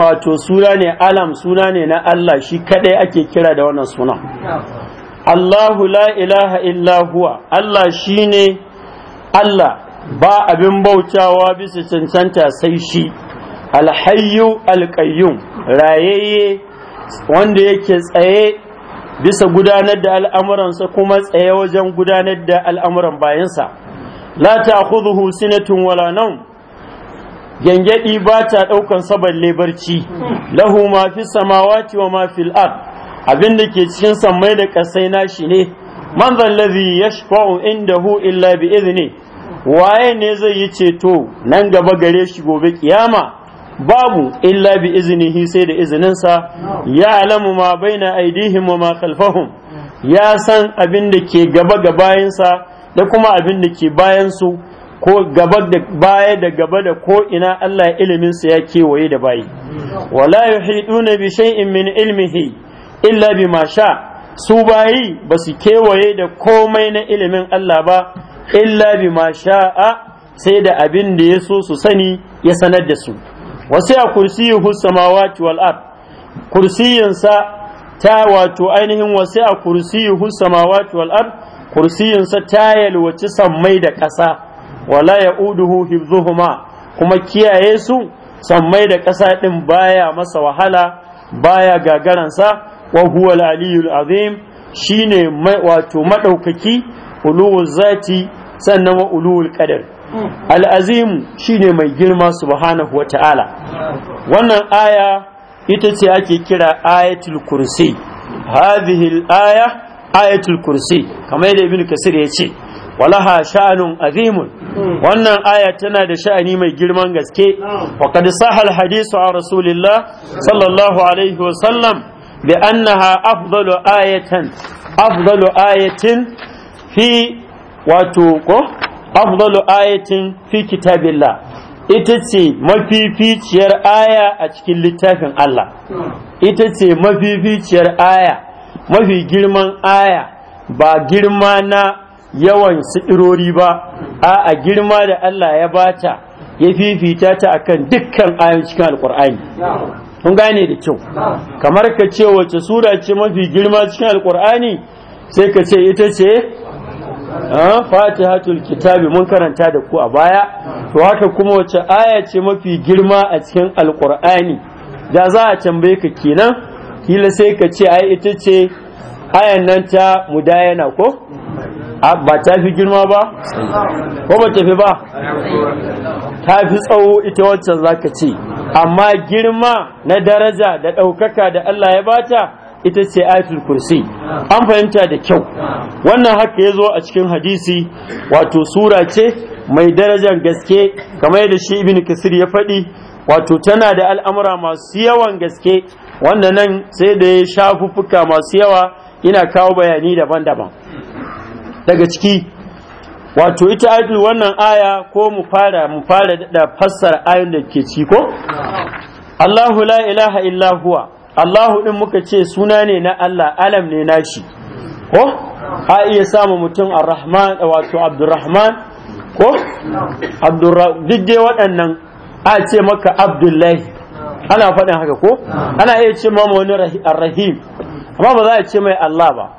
wato suna ne alam suna ne na Allah shi kaɗai ake kira da wannan suna Allahu la ilaha illa Allah shi ne Allah ba abin bautawa bisa cancanta sai shi alhayyu alƙayyum rayayye wanda yake tsaye bisa gudanar da al'amuransa kuma tsaye wajen gudanar da al'amuran bayansa la ta sinatun wala gyangyaɗi ba ta ɗaukan saballe barci lahu ma fi samawati wa ma fil ard abin da ke cikin sammai da ƙasai nashi ne man zallazi yashfa'u indahu illa bi izini. waye ne zai yi ceto nan gaba gare shi gobe kiyama babu illa bi iznihi sai da izininsa ya alamu ma baina aidihim wa ma khalfahum ya san abin da ke gaba ga bayansa da kuma abin da ke bayansu ko gaba da baya da gaba da ko ina Allah ilimin sa ya kewaye da bayi wala yuhiduna bi shay'in min ilmihi illa bima sha su bayi ba su kewaye da komai na ilimin Allah ba illa bima sha'a sai da abin da ya so su sani ya sanar da su wasu ya kursiyuhu samawati wal ard kursiyinsa ta wato ainihin wasu a kursiyuhu samawati wal ard kursiyinsa ta yalwaci sammai da ƙasa wala ya uduhu hifdhuhuma kuma kiyaye su san mai da ƙasa ɗin baya masa wahala baya gagaransa wa huwa al-aliyyul azim shine wato madaukaki uluwul zati sannan wa uluwul qadar al-azim shine mai girma subhanahu wa ta'ala wannan aya ita ce ake kira ayatul kursi hadhihi al-aya ayatul kursi kamar da ibnu kasir ya ce walaha sha'anun azimun hmm. wannan aya tana da sha'ani mai girman gaske hmm. wa kad sahal hadisu a rasulillah sallallahu alaihi wa sallam bi annaha afdalu ayatan afdalu ayatin fi wato ko afdalu ayatin fi kitabillah ita ce mafificiyar aya a cikin littafin Allah hmm. ita ce mafificiyar aya mafi girman aya ba girma na yawan siɗirori ba a a girma da Allah ya bata ya fifita ta akan dukkan ayoyin cikin Alƙur'ani. kun gane da kyau kamar ka ce wace sura ce mafi girma cikin Alƙur'ani? sai ka ce ita ce fatihatul kitabi mun karanta da ku a baya to haka kuma wace aya ce mafi girma a cikin alkur'ani da za a tambaye ka kenan kila sai ka ce ai ita ce ayan nan ta mudayana ko ba ta fi girma ba ko ba ta fi ba ta fi tsawo ita waccan zaka ce amma girma na daraja da ɗaukaka da Allah ya bata ita ce ayatul kursi an fahimta da kyau wannan haka ya zo a cikin hadisi wato sura ce mai darajar gaske kamar yadda shi ibn kasir ya faɗi wato tana da al'amura masu yawan gaske wanda nan sai da ya shafuffuka masu yawa ina kawo bayani daban-daban daga ciki wato ita aidu wannan aya ko mu fara mu fara da fassara ayin da ke ci ko Allahu la ilaha illa huwa Allahu din muka ce suna ne na Allah alam ne nashi ko a iya samu mutum ar-rahman wato abdurrahman ko abdurrahman waɗannan a ce maka abdullahi ana faɗin haka ko ana iya ce ma wani ar-rahim amma ba za a ce mai Allah ba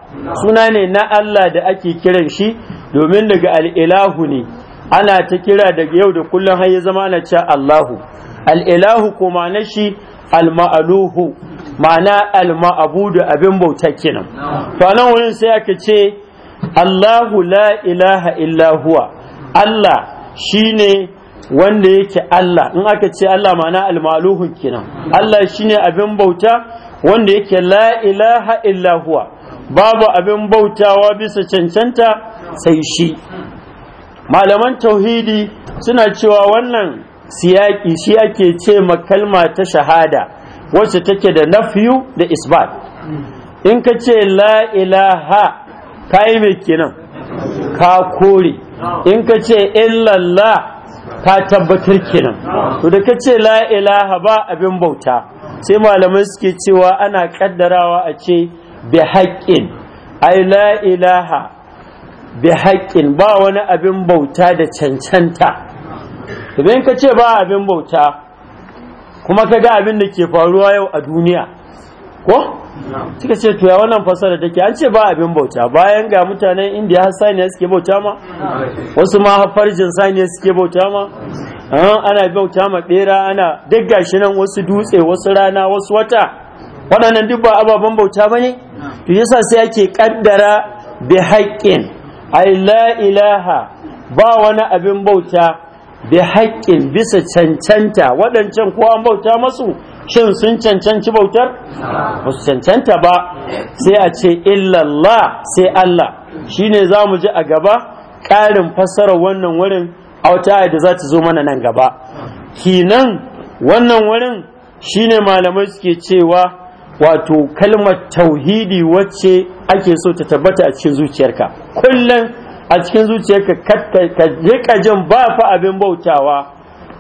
suna ne na Allah da ake kiran shi domin daga al'ilahu ne ana ta kira daga yau da kullum har ya zama na cewa Allahu al'ilahu ko ma'ana shi al-ma'aluhu ma'ana al-ma'abudu abin bauta kenan to nan wurin sai aka ce Allahu la ilaha illa huwa Allah shine wanda yake Allah in aka ce Allah ma'ana al-ma'aluhu kenan Allah shine abin bauta wanda yake la ilaha illa huwa babu abin bautawa bisa cancanta sai shi malaman tauhidi suna cewa wannan siyaki shi ake ce kalma ta shahada wacce take da nafiyu da isbat in ka ce la ilaha ka yi mai kenan ka kore in ka ce illallah ka tabbatar kenan to da ka ce la ilaha ba abin bauta sai malamai suke cewa ana kaddarawa a ce bi haƙƙin ai la ilaha bi haƙƙin ba wani abin bauta da cancanta idan ka ce ba abin bauta kuma ka ga abin da ke faruwa yau a duniya ko suka ce to ya wannan fasara take an ce ba abin bauta bayan ga mutanen indiya har saniya suke bauta ma wasu ma har farjin saniya suke bauta ma ana bauta ma bera ana duk gashi nan wasu dutse wasu rana wasu wata waɗannan duk ba ababen bauta ba ne to yasa sai ake kaddara bi haƙƙin ai la ilaha ba wani abin bauta bi haƙƙin bisa cancanta waɗancan ko an bauta masu shin sun cancanci bautar ba su cancanta ba sai a ce illallah sai Allah shine za mu ji a gaba ƙarin fassarar wannan wurin a wata da za ta zo mana nan gaba kinan wannan wurin shine malamai suke cewa wato kalmar tauhidi wacce ake so ta tabbata a cikin zuciyarka kullum a cikin zuciyarka ka rika jin ba fa abin bautawa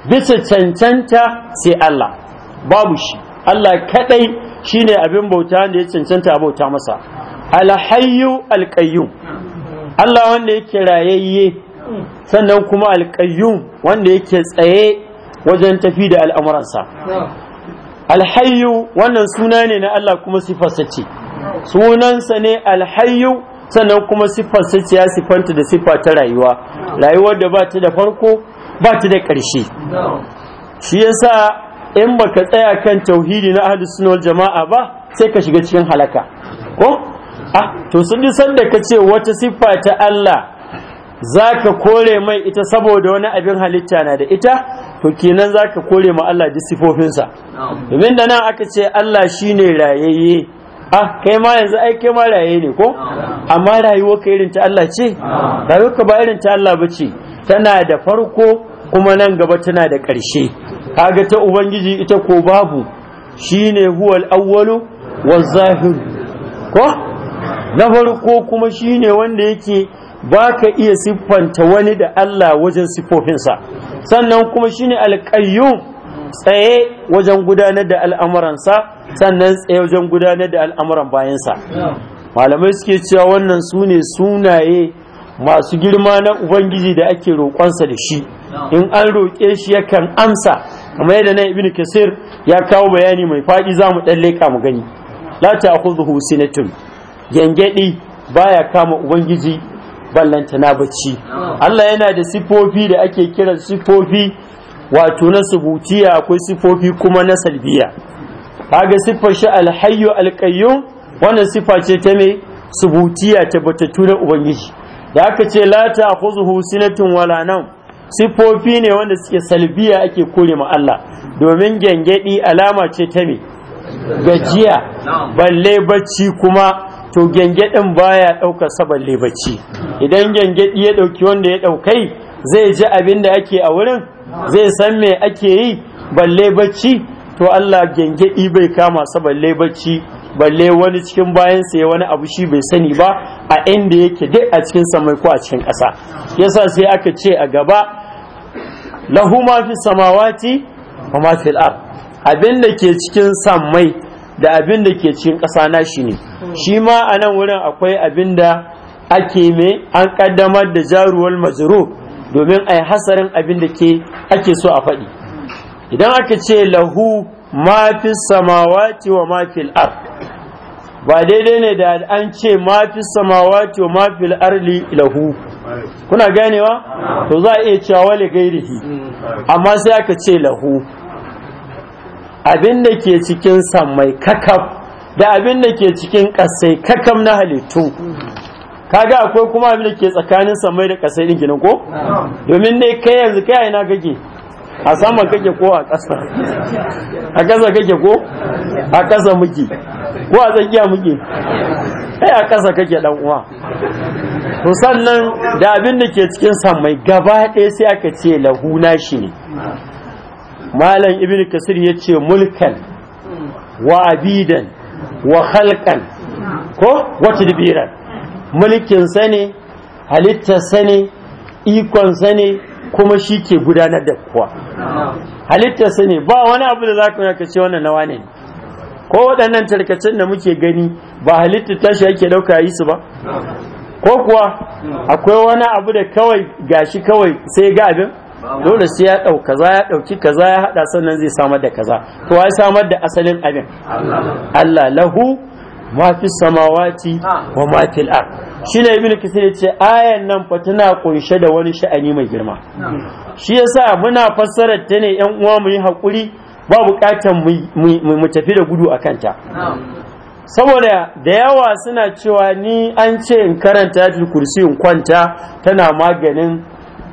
bisa cancanta sai Allah babu shi Allah kadai shine abin bauta da ya cancanta a bauta masa alhayyu alqayyum Allah wanda yake rayayye sannan kuma alƙayyum wanda yake tsaye wajen tafi da al'amuransa alhayyu wannan suna ne na Allah kuma siffarsa ce sunansa ne alhayyu sannan kuma siffarsa ce ya siffanta da sifa ta rayuwa rayuwar da ba ta da farko ba ta da ƙarshe shi yasa in baka tsaya kan tauhidi na ahli sunan jama'a ba sai ka shiga cikin halaka ko ah to sun ji sanda ka ce wata siffa ta Allah za ka kore mai ita saboda wani abin halitta na da ita to kenan za ka kore ma Allah duk sifofinsa domin da nan aka ce Allah shine rayayye A ah, kai ma yanzu ai kai ma raye ne ko amma rayuwa ka irin ta Allah ce rayuwa ka ba irin ta Allah ba ce. tana da farko kuma nan gaba tana da ƙarshe kaga ta ubangiji ita ko babu shine huwal awwalu wa zahir ko na farko kuma shine wanda yake ba ka iya siffanta wani da Allah wajen siffofinsa sannan kuma shine alƙayyum tsaye wajen gudanar da al'amuransa sannan tsaye wajen gudanar da al'amuran bayansa malamai suke cewa wannan su ne sunaye masu girma na ubangiji da ake roƙonsa da shi in an roƙe shi yakan amsa kamar yadda na ibn kasir ya kawo bayani mai faɗi za mu ɗan leƙa mu gani la ta'khudhuhu sinatun gyangyaɗi baya kama ubangiji ballanta na bacci Allah yana da sifofi da ake kira sifofi wato na subutiya akwai sifofi kuma na salbiya kaga siffar shi alhayyu alqayyum wannan sifa ce ta mai subutiya ta tabbatattu na ubangiji da aka ce la ta'khuzuhu sinatun wala nawm sifofi ne wanda suke salbiya ake kore ma Allah domin gyangyaɗi alama ce ta mai gajiya balle bacci kuma to gyangyaɗin baya ɗauka saballe bacci idan gyangyaɗi ya ɗauki wanda ya ɗaukai zai ji abin da ake a wurin zai san me ake yi balle bacci to Allah gyangyaɗi bai kama saballe bacci balle wani cikin bayan sai wani abu shi bai sani ba a inda yake duk a cikin samai ko a cikin ƙasa yasa sai aka ce a gaba lahu ma fi samawati wa ma fil ard abin da ke cikin samai da abin da ke cikin ƙasa na shi ne shi ma a nan wurin akwai abin da ake mai an ƙaddamar da jaruwar mazuru domin a yi hasarin abin da ke ake so a faɗi idan aka ce lahu ma fi samawati wa mafi ba daidai ne da an ce ma fi samawati wa mafi lahu kuna ganewa to za a iya cewa wale gairihi amma sai aka ce lahu abin da ke cikin sammai kakam da abin da ke cikin ƙasai kakam na halittu kaga akwai kuma abin da ke tsakanin sammai da ƙasai din ginin ko domin dai kai yanzu kai yana kake a sama kake ko a ƙasa a ƙasa kake ko
a ƙasa muke
ko a tsakiya muke kai a ƙasa kake dan uwa to sannan da abin da ke cikin sammai gaba ɗaya sai aka ce lahu shi
ne
malam ibn kasir ya ce mulkan wa abidan wa halkan ko wata dubiran mulkinsa ne halittarsa ne ikonsa ne kuma shi ke gudanar da kuwa halittarsa ne ba wani abu da za ka ce wannan nawa ne ko waɗannan tarkacin da muke gani ba halittar tashi yake ɗauka yi su ba ko kuwa akwai wani abu da kawai gashi kawai sai ga abin dole sai ya ɗau kaza ya ɗauki kaza ya haɗa sannan zai samar da kaza to ai samar da asalin abin Allah lahu ma fi samawati wa ma fil ard shine ibnu kisir yace ayan nan fa tana kunshe da wani sha'ani mai girma shi yasa muna fassara ta ne yan uwa mu yi hakuri ba bukatan mu tafi da gudu a kanta saboda da yawa suna cewa ni an ce in karanta tul in kwanta tana maganin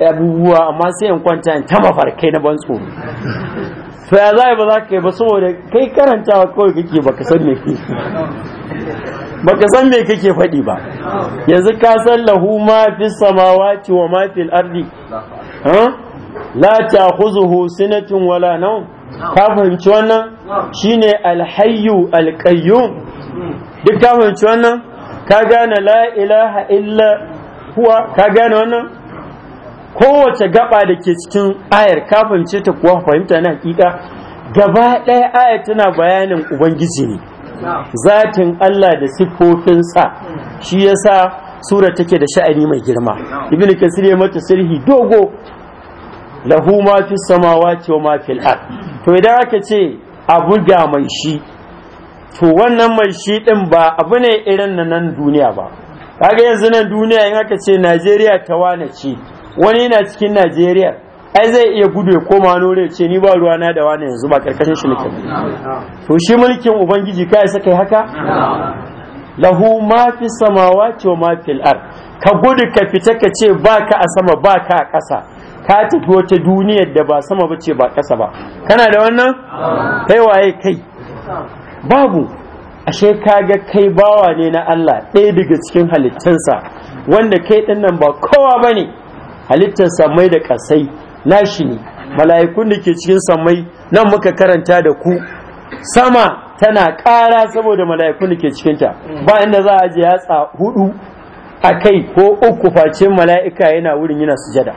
abubuwa amma sai in kwanta in ta mafarkai na ban tsoro to ya zai ba za ka yi ba saboda kai karantawa kawai kake baka san me baka san me kake faɗi ba yanzu ka san lahu ma fi samawati wa ma fil ardi la ta'khuzuhu sinatun wala nawm ka fahimci wannan shine alhayyu alqayyum duk ka fahimci wannan ka gane la ilaha illa huwa ka gane wannan kowace gaba da ke cikin ayar kafin ce ta kuwa fahimta na hakika gaba ɗaya ayar tana bayanin ubangiji ne zatin Allah da sa shi yasa sura take da sha'ani mai girma ibnu kasir ya mata sirhi dogo lahu ma fi samawati wa ma fil ard to idan aka ce abu ga mai shi to wannan mai shi din ba abu ne irin nan duniya ba kaga yanzu nan duniya in aka ce Najeriya ta wane ce wani yana cikin najeriya ai zai iya gudu ya koma nore ya ce ni ba ruwa na da wani yanzu ba karkashin shi mulkin to shi mulkin ubangiji ka isa kai haka lahu ma fi samawati wa ma fil ard ka gudu ka fita ka ce ba ka a sama ba ka a ƙasa ka tafi wata duniya da ba sama ba ce ba ƙasa ba kana da wannan kai waye kai babu ashe kaga kai bawa ne na Allah ɗaya daga cikin halittunsa wanda kai ɗin nan ba kowa ba ne halittar samai da kasai nashi ne mala'ikun da ke cikin samai nan muka karanta da ku sama tana ƙara saboda mala'ikun da ke cikinta ba inda za a je yatsa hudu a kai ko uku face mala'ika yana wurin yana sujada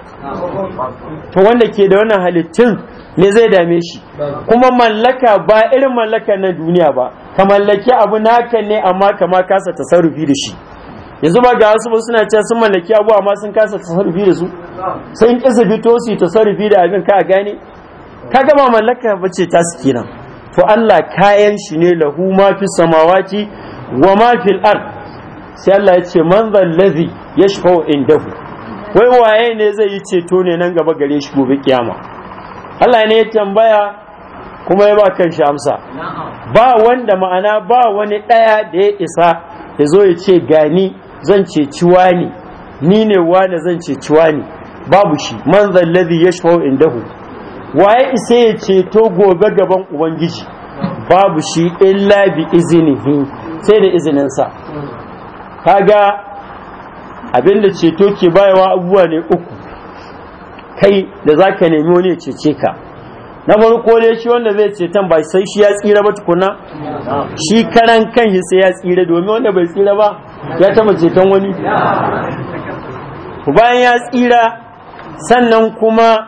to wanda ke da wannan halittun ne zai dame shi kuma mallaka ba irin mallaka na duniya ba ka mallaki abu naka ne amma kama kasa tasarrufi da shi yanzu ba ga wasu ba suna cewa sun mallaki abu amma sun kasa tasarrufi da su sun kisa to su tasarrufi da abin ka gane ka gama mallaka ba ce su kenan to Allah kayan shi ne lahu ma fi samawati wa ma fil ard sai Allah ya ce man zallazi yashfa'u indahu wai waye ne zai yi ceto ne nan gaba gare shi gobe kiyama Allah ne ya tambaya kuma ya ba kan shi amsa ba wanda ma'ana ba wani ɗaya da ya isa ya zo ya ce gani zan ce ciwa ne. ni ne wani zan ce ciwa ne. babu shi man zallazi yashfa'u indahu waye isa ya ceto gobe gaban ubangiji babu shi illa izini. izinihi sai da izininsa kaga abinda ceto ke bayawa abubuwa ne uku kai da za ka nemi wani ya cece ka na farko ne shi wanda zai ceton ba sai shi ya tsira ba tukuna shi karan kan shi sai ya tsira domin wanda bai tsira ba ya taba ceton wani bayan ya tsira sannan kuma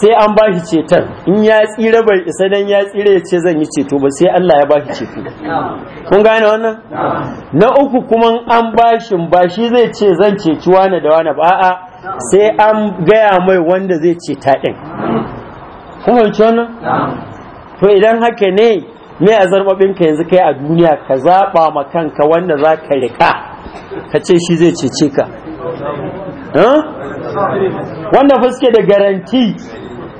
sai an ba shi ceton in ya tsira bai isa dan ya tsira ya ce zan yi ceto ba sai Allah ya ba shi ceto kun gane wannan na uku kuma an ba shi ba shi zai ce zan ceci wane da wane ba a'a sai an gaya mai wanda zai ceta din kuma wannan to idan haka ne me a ka yanzu kai a duniya ka zaɓa ma kanka wanda za ka rika ka ce shi zai cece ka wanda fuske da garanti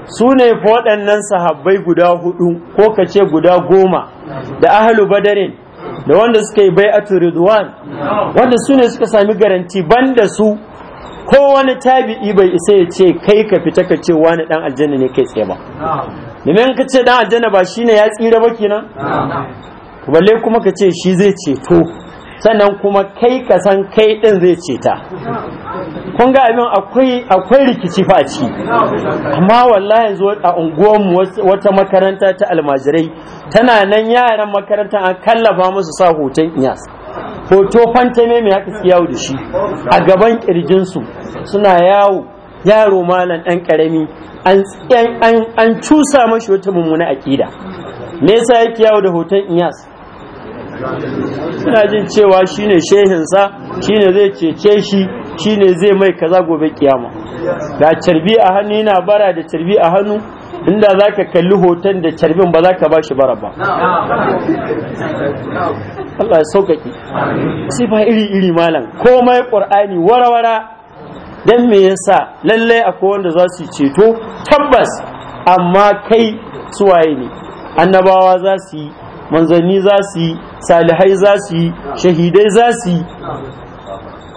su ne waɗannan sahabbai guda hudu ko ka ce guda goma da ahalu badarin da wanda suka yi bai ridwan wanda su ne suka sami garanti banda su ko wani tabi'i bai isa ya ce kai ka fita ka ce wani dan aljanna ne kai tsaye ba domin ka ce dan aljanna ba shine ya tsira ba kenan to balle kuma ka ce shi zai ceto sannan kuma kai ka san kai din zai ceta kun ga abin akwai akwai rikici fa ci amma wallahi yanzu a mu wata makaranta ta almajirai tana nan yaran makaranta an kallafa musu sa hoton iyas hoto fanta ne mai haka yawo da shi a gaban kirjinsu suna yawo yaro malam ɗan ƙarami an cusa mashi wata mummuna aƙida me yasa yake yawo da hoton iyas ina jin cewa shine shehinsa shine zai cece shi shine zai mai kaza gobe kiyama ga carbi a hannu yana bara da carbi a hannu inda za ka kalli hoton da carbin ba za ka ba shi bara ba Allah ya sauƙaƙi ba iri iri malam komai ƙur'ani warawara dan me yasa lallai akwai wanda za su ceto tabbas amma kai suwaye ne annabawa za su yi manzanni za su yi salihai za su yi shahidai za su yi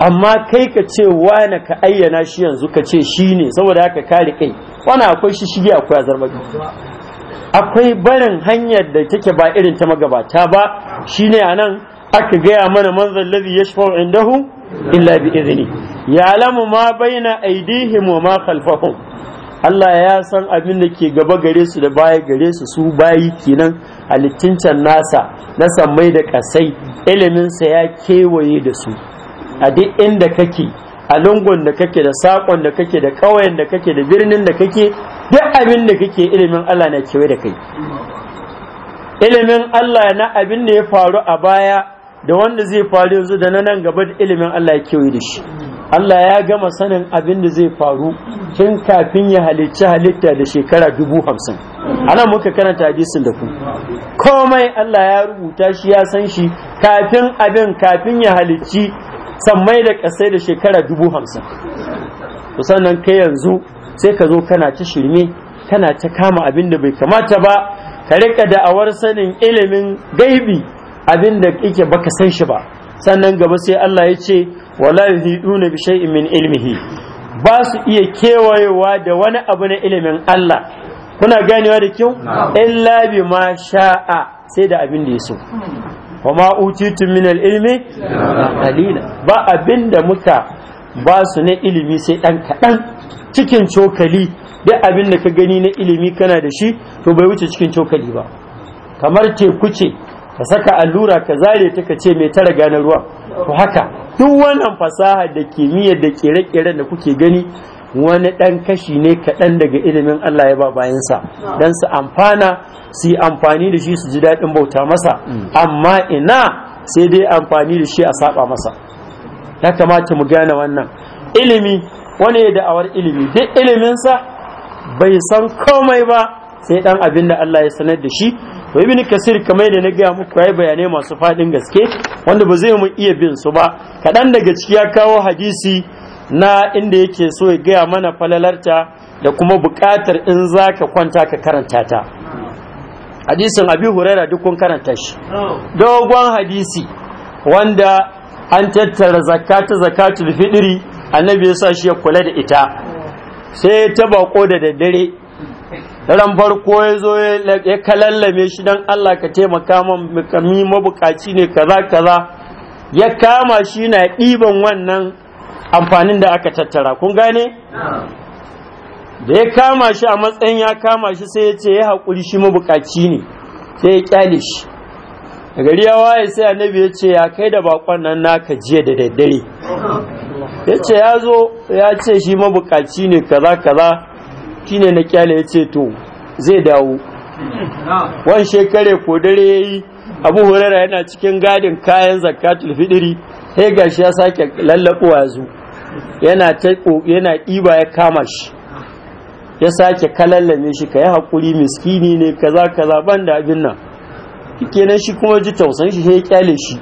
amma kai ka ce wane ka ayyana shi yanzu ka ce shi ne saboda haka kare kai wani akwai shi shige akwai azarbabi akwai barin hanyar da take ba irin ta magabata ba shi shine anan aka gaya mana manzan ladhi yashfa'u indahu illa bi izini ya'lamu ma baina aidihim wa ma khalfahum Allah ya san abin da ke gaba gare su da baya gare su su bayi kenan halittincan nasa na sammai da kasai iliminsa ya kewaye da su a duk inda kake a lungun da kake da sakon da kake da ƙauyen da kake da birnin da kake duk abin da kake ilimin Allah na kewaye da kai ilimin Allah na abin da ya faru a baya da wanda zai faru yanzu da na nan gaba da ilimin Allah ya kewaye da shi Allah ya gama sanin abin da zai faru tun kafin ya halicci halitta da shekara dubu hamsin ana muka karanta hadisin da ku komai Allah ya rubuta shi ya san shi kafin abin kafin ya halicci sammai da kasai da shekara dubu hamsin sannan kai yanzu sai ka zo kana ta shirme kana ta kama abin da bai kamata ba ka riƙa da'awar sanin ilimin gaibi abin da kike baka san shi ba sannan gaba sai Allah ya ce wala yuhiduna bi shay'in min ilmihi ba su iya kewayewa da wani abu na ilimin Allah kuna ganewa da kyau illa bi ma sha'a sai da abin da ya so wa ma utitu min ilmi qalila ba abin da muka ba su na ilimi sai dan kadan cikin cokali duk abin da ka gani na ilimi kana da shi to bai wuce cikin cokali ba kamar teku ce ka saka allura ka zare ta ka ce mai tara gane ruwa to haka duk wannan fasaha da kimiyyar da kere kire da kuke gani wani ɗan kashi ne kaɗan daga ilimin Allah ya ba bayansa don su amfana su yi amfani da shi su ji daɗin bauta masa amma ina sai dai amfani da shi a saba masa ya kamata mu gane wannan ilimi wani ya da'awar ilimi duk iliminsa bai san komai ba sai dan abinda Allah ya sanar da shi to ibn kasir kamar da na gaya muku yayi bayanai masu fadin gaske wanda ba zai mu iya bin su ba kaɗan daga ciki ya kawo hadisi na inda yake so ya gaya mana falalarta da kuma buƙatar in za ka kwanta ka karanta ta hadisin abi huraira duk kun karanta shi dogon hadisi wanda an tattara zakatu zakatul fidiri annabi ya sa shi ya kula da ita sai ta bako da daddare ran farko ya zo ya kalallame shi dan Allah ka taimaka min mukami mabukaci ne kaza kaza ya kama shi na ɗiban wannan amfanin da aka tattara kun gane da ya kama shi a matsayin ya kama shi sai ya ce ya haƙuri shi mabukaci ne sai ya kyale shi a gari ya waye sai annabi ya ce ya kai da bakon nan naka jiya da daddare ya ce ya zo ya ce shi mabukaci ne kaza kaza shine na kyale ya ce to zai dawo wani shekare ko dare ya yi abu hurara yana cikin gadin kayan zakatul fidiri sai gashi ya sake lallaɓuwa zu yana ta yana ɗiba ya kama shi ya sake kalallame shi ka yi haƙuri miskini ne kaza kaza ban da abin nan kenan shi kuma ji tausan shi sai ya kyale shi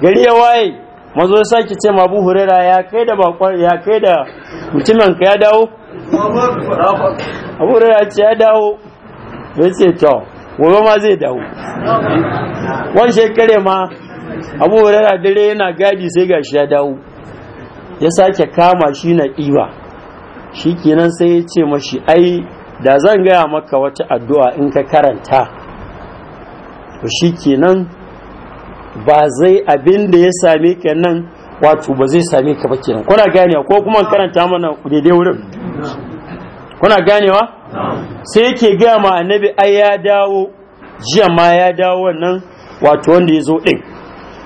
gari ya waye mazo ya sake ce ma Abu Huraira ya kai da bakon ya kai da mutumin ka ya dawo Abu Huraira ce ya dawo ya ce to gobe ma zai dawo wani shekare ma Abu Huraira dare yana gadi sai gashi ya dawo ya sake kama shi na ɗiba shi kenan sai ya ce mashi ai da zan gaya maka wata addu'a in ka karanta to shi kenan ba zai abin da ya same ka nan wato ba zai same ka ba kenan kuna ganewa ko kuma karanta mana daidai wurin kuna ganewa sai yake gaya ma annabi ai ya dawo jiya ma ya dawo wannan wato wanda ya zo ɗin.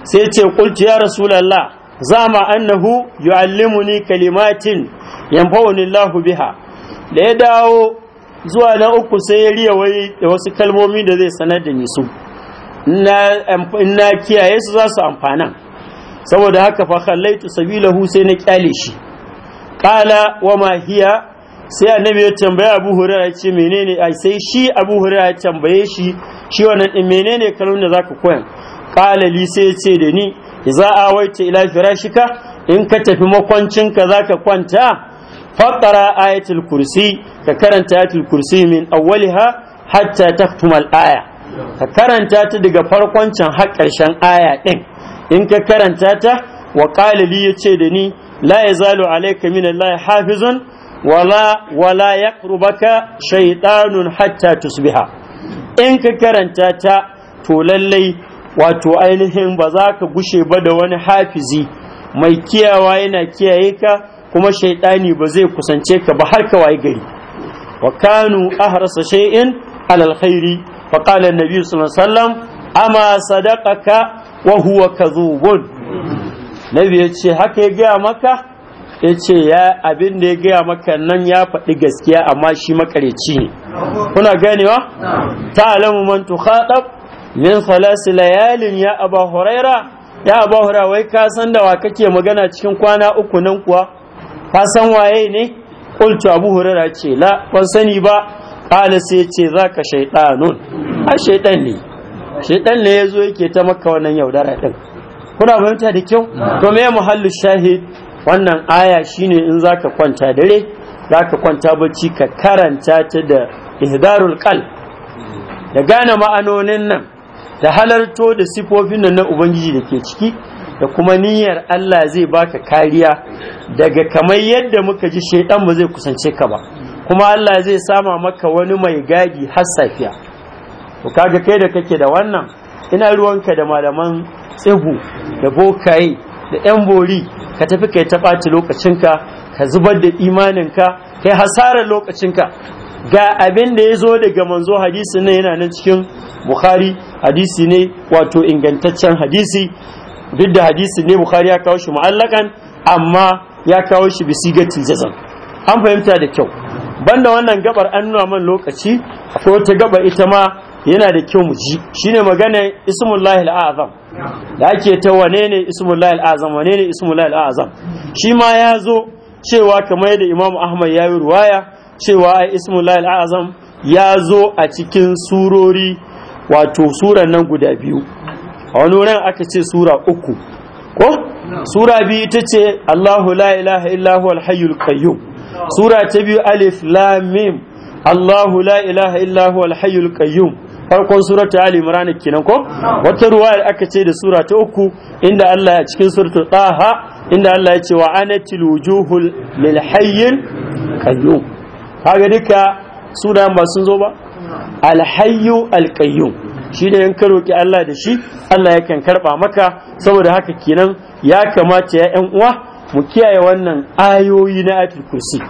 sai ya ce qultu ya rasulullah ma annahu yu'allimuni kalimatin yanfa'uni Allahu biha da ya dawo zuwa na uku sai ya riya wai da wasu kalmomi da zai sanar da ni su inna na kiyaye su za su amfana saboda haka fa khallaitu sabilahu sai na kyale shi qala wa ma sai annabi ya tambaye abu hurairah ce menene ai sai shi abu hurairah ya tambaye shi shi wannan din menene kalmar da zaka koyan qala li sai ya ce da ni za a awaita ila firashika in ka tafi makwancinka zaka kwanta faqara ayatul kursi ka karanta ayatul kursi min awwaliha hatta taftumal aya ka karanta ta daga farkon can har ƙarshen aya ɗin in ka karanta ta wa ƙalili ya ce da ni la ya zalo alaika min Allah hafizun wala wala ya hatta tusbiha in ka karanta ta to lallai wato ainihin ba za ka gushe ba da wani hafizi mai kiyawa yana kiyaye ka kuma shaiɗani ba zai kusance ka ba har ka waye gari wa kanu ahrasa shay'in alal khairi فقال النبي صلى الله عليه وسلم أما صدقك وهو كذوب نبي يتشي هكي قامك ya ce ya abin da ya gaya maka nan ya faɗi gaskiya amma shi makareci ne kuna ganewa ta'lamu man tukhatab min salasi layalin ya aba Horaira. ya aba huraira wai ka san da wa kake magana cikin kwana uku nan kuwa ka san waye ne qultu abu huraira ce la ban sani ba ƙala sai ce za ka shaidanun A shaiɗan ne shaiɗan ne ya zo yake ta maka wannan yaudara ɗin kuna fahimta da kyau to me muhallu shahid wannan aya shine in za ka kwanta dare za ka kwanta bacci ka karanta ta da ihdarul qal da gane ma'anonin nan da halarto da sifofin nan na ubangiji da ke ciki da kuma niyyar Allah zai baka kariya daga kamar yadda muka ji shaiɗan ba zai kusance ka ba kuma Allah zai sama maka wani mai gadi har safiya to kaga kai da kake da wannan ina ruwanka da malaman tsibu da bokaye da yan bori ka tafi kai ta ɓaci lokacinka ka zubar da imaninka kai hasarar lokacinka ga abin da ya zo daga manzo hadisi ne, yana nan cikin bukhari hadisi ne wato ingantaccen hadisi duk da hadisi ne bukhari ya kawo shi mu'allakan amma ya kawo shi bisigati jazam an fahimta da kyau banda wannan gabar an nuna man lokaci ko ta gaba ita ma yana da kyau mu ji shine magana ismullahi al'azam da ake ta wane ne ismullahi al'azam wane ne ismullahi al'azam shi ma ya zo cewa kamar yadda imamu ahmad ya yi ruwaya cewa ai ismullahi al'azam ya zo a cikin surori wato suran nan guda biyu a wani wurin aka ce sura uku ko sura biyu ita ce allahu la ilaha illahu alhayyul qayyum sura ta biyu alif lam Allahu la ilaha illahu huwa al farkon sura ta Ali Imran kenan ko wata ruwa ruwaya aka ce da sura ta uku inda Allah ya cikin ta Taha inda Allah ya ce wa anatil wujuhul lil hayyil qayyum kaga duka sura ba sun zo ba al hayyu shi da yanka roƙi Allah da shi Allah yakan karɓa maka saboda haka kenan ya kamata ya ‘yan uwa mu kiyaye wannan ayoyi na ayatul kursi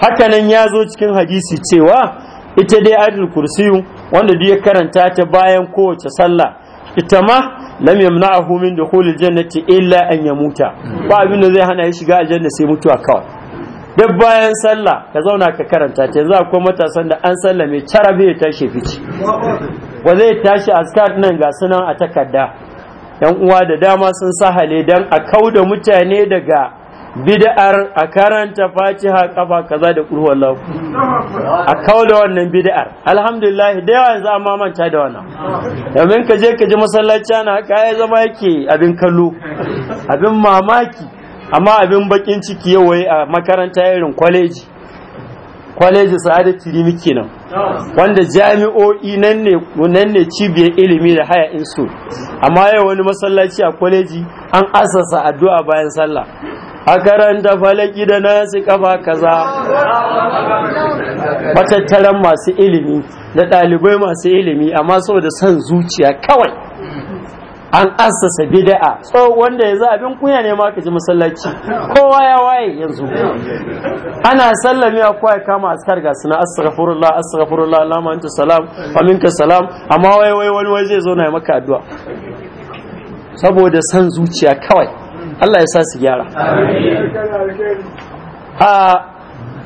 hakanan ya zo cikin hadisi cewa ita dai ayatul kursi wanda duk ya karanta ta bayan kowace sallah ita ma lam yamna'ahu min dukhulil jannati illa an yamuta ba abin da zai hana ya shiga aljanna sai mutuwa kawai duk bayan sallah ka zauna ka karanta ta yanzu akwai matasan da an mai charabe ya tashi fice ba zai tashi askar nan ga sunan a takarda ‘yan uwa da dama sun sahale don a da mutane daga bid'ar a karanta fatiha kafa kaza da kurwallahu a da wannan bid'ar alhamdulillah da yawa yanzu an manta da wannan domin ka je ka ji masallaci ana haka ya zama yake abin kallo abin mamaki amma abin bakin ciki yawai a makaranta irin kwaleji kwalejin sa'adar tirimi kenan wanda jami'o'i nan ne cibiyar ilimi da haya insu amma yau wani masallaci a kwaleji an asasa addu'a bayan sallah a karanta falaki da nasi kafa kaza
matattaran
masu ilimi da ɗalibai masu ilimi amma saboda son zuciya kawai an asasa bid'a so wanda yanzu abin kunya ne ma ka ji masallaci kowa ya waye yanzu ana sallami a kowa kama askar ga suna astaghfirullah astaghfirullah allahumma anta salam wa minka salam amma wai wai wani wai zo na maka addu'a saboda san zuciya kawai Allah ya sa su gyara a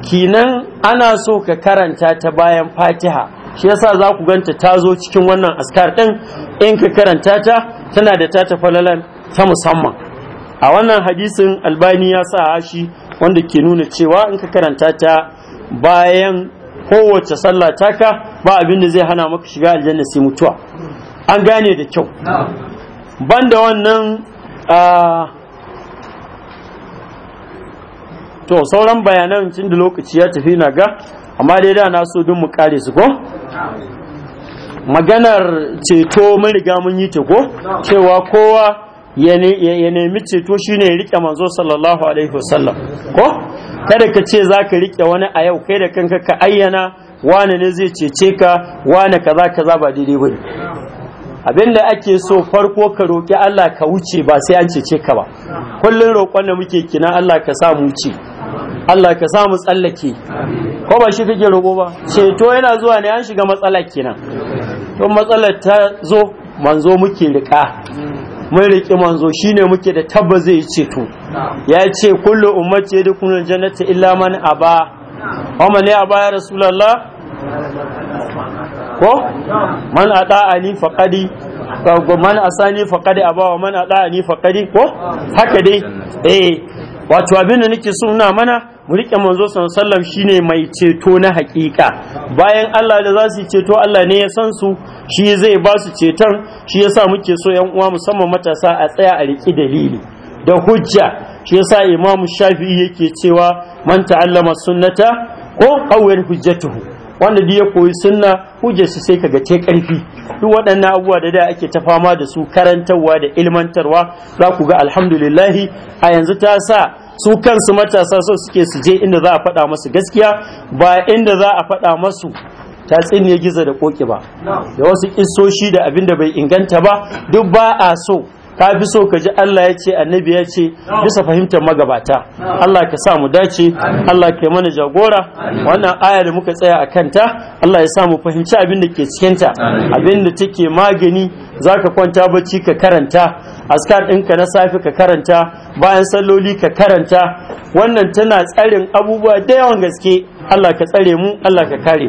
kinan ana so ka karanta ta bayan fatiha shi yasa za ku ganta ta zo cikin wannan askar ɗin in ka karanta ta tana da tata falalan ta musamman a wannan hadisin albani ya sa hashi wanda ke nuna cewa in ka karanta ta bayan kowace sallah taka ba abin da zai hana maka shiga aljanna sai mutuwa an gane da kyau banda wannan to sauran bayanan tun lokaci ya tafi na ga amma dai da na so duk mu kare su ko maganar ceto mun riga mun yi ta ko cewa kowa ya nemi ceto shine ya rike manzo sallallahu alaihi wasallam ko kada ka ce zaka rike wani a yau kai da kanka ka ayyana wane ne zai cece ka wane kaza kaza ba daidai ba abin da ake so farko ka roki Allah ka wuce ba sai an cece ka ba kullun roƙon da muke kina Allah ka sa mu wuce Allah ka sa mu tsallake ko ba shi kake roƙo ba ceto yana zuwa ne an shiga matsala kenan to matsalar ta zo manzo muke rika mun riƙi manzo shine muke da tabba zai ceto ya ce kullu ummati yadkhulul jannata illa man aba wa man ya aba ya rasulullah ko man ata'ani faqadi man asani faqadi aba wa man ata'ani faqadi ko haka dai eh wato abin da nake so mana mu rike manzo sallam shine mai ceto na hakika bayan Allah da za su ceto Allah ne ya san su shi zai ba su ceton shi yasa muke so yan uwa musamman matasa a tsaya a riki dalili da hujja shi yasa imam shafi'i yake cewa man ta'allama sunnata ko qawwin hujjatuhu wanda duk ya koyi sunna su sai kaga ce karfi duk waɗannan abubuwa da da ake ta fama da su karantarwa da ilmantarwa za ku ga alhamdulillahi a yanzu ta sa su kansu matasa so suke su je inda za a faɗa masu gaskiya ba inda za a faɗa masu ta tsinne gizo da koki ba da wasu kissoshi da abin da bai inganta ba duk ba a so ka fi so ka ji Allah ya ce annabi ya ce bisa fahimtar magabata Allah ka sa mu dace Allah ka mana jagora wannan aya da muka tsaya a kanta Allah ya sa mu fahimci abin da ke cikinta abin da take magani zaka kwanta bacci ka karanta askar ɗinka na safe ka karanta bayan salloli ka karanta wannan tana tsarin abubuwa da yawan gaske Allah ka tsare mu Allah ka kare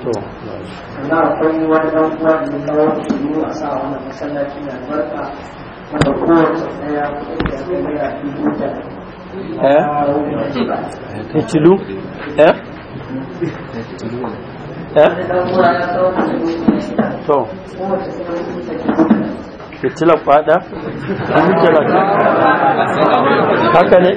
to
na akwai wani dan uwa da ya kawo shi a sa wannan masallaci na barka wanda kowace kuma
ya eh eh to fitila fada dubu haka ne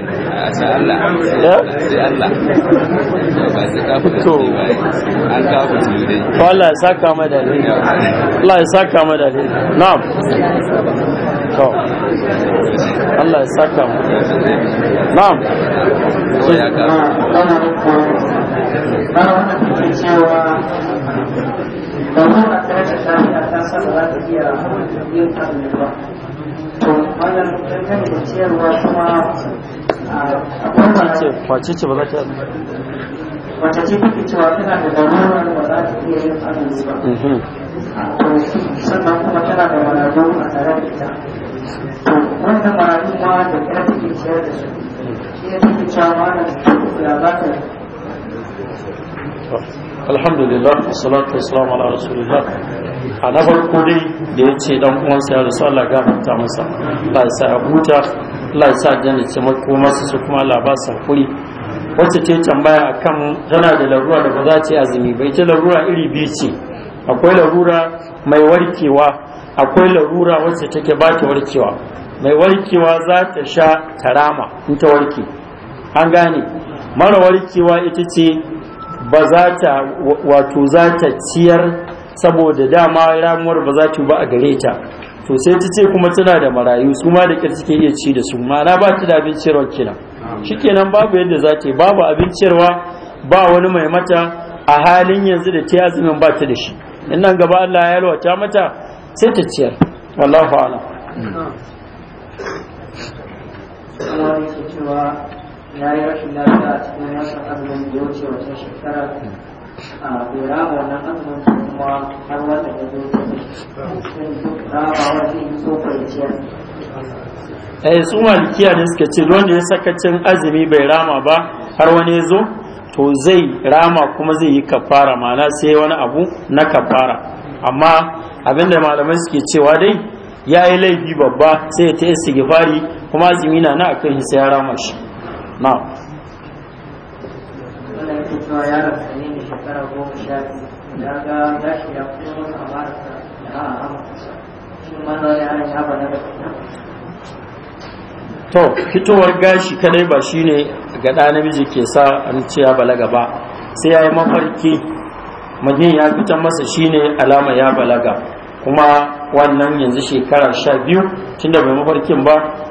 Allah ya saka ma da Allah ya saka da na'am Allah ya saka mu
ana
ana cewa domin a daraja jami'a ta san za ta iya yin azumi ba to wannan dangane da ce ba za ta wata ce kuke cewa tana da ba za ta iya yin azumi ba mhm. sannan kuma tana da maradu a tare da ita to wannan maradu ma da ƙarfi ke ciyar da su
shi ne take cewa ma da ya za ta alhamdulillah wassalatu wassalamu ala rasulillah a na farko da ya ce dan uwansa ya rasu Allah gafarta masa Allah sa ya huta la sa janna ce mako masa su kuma Allah ba sa kuri wacce ce tambaya akan tana da larura da ba za ta yi azumi ba ita larura iri biyu ce akwai larura mai warkewa akwai larura wacce take ba ta warkewa mai warkewa za ta sha tarama in ta warke an gane mara warkewa ita ce ba za ta wato za ta ciyar saboda dama ramuwar ba za ta ba a gare ta to sai ta ce kuma tana da marayu su ma da kyar ke iya ci da su na ba ta da abin ciyarwa kenan babu yadda za ta yi babu abin ciyarwa ba wani mai mata a halin yanzu da ta azumin ba ta da shi in nan gaba Allah ya yalwata mata sai ta ciyar wallahu a'lam
ya yi rashin lafiya a cikin rashin azumin da ya wuce wata shekara a bai rama wannan azumin kuma har wata da zai zai duk rama wata yi so kwanciyar
eh su malikiya ne suka ce wanda ya sakacin azumi bai rama ba har wani ya zo to zai rama kuma zai yi kafara mana sai wani abu na kafara amma abinda malamai suke cewa dai ya yi laifi babba sai ya ta sigifari kuma azumi na na akan sai ya rama shi na to fitowar gashi kadai ba shine ga ɗa namiji ke sa an ce ya balaga ba sai ya yi mafarki majin ya fitan masa shine alama ya balaga kuma wannan yanzu shekara sha biyu tunda bai mafarkin ba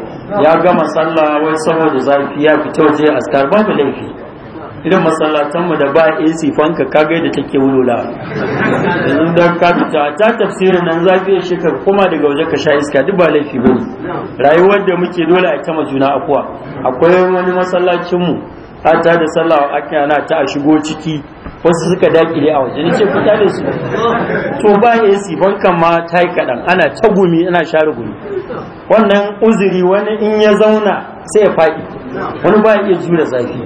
ya gama sallah wai saboda zafi ya fita waje a ba babu laifi irin masallatanmu da ba AC fanka ka ga da take wulula yanzu da ka fita ta tafsirin nan zafi shi ka kuma daga waje ka sha iska duk ba laifi ba rayuwar da muke dole a ta juna akuwa akwai wani masallacin mu a ta da sallah ake yana ta a shigo ciki wasu suka dakile a waje ne ce ku ne
su
to
ba AC bankan ma ta yi kaɗan ana ta gumi ana share gumi wannan uzuri wani in ya zauna sai ya faɗi wani ba ya iya jure zafi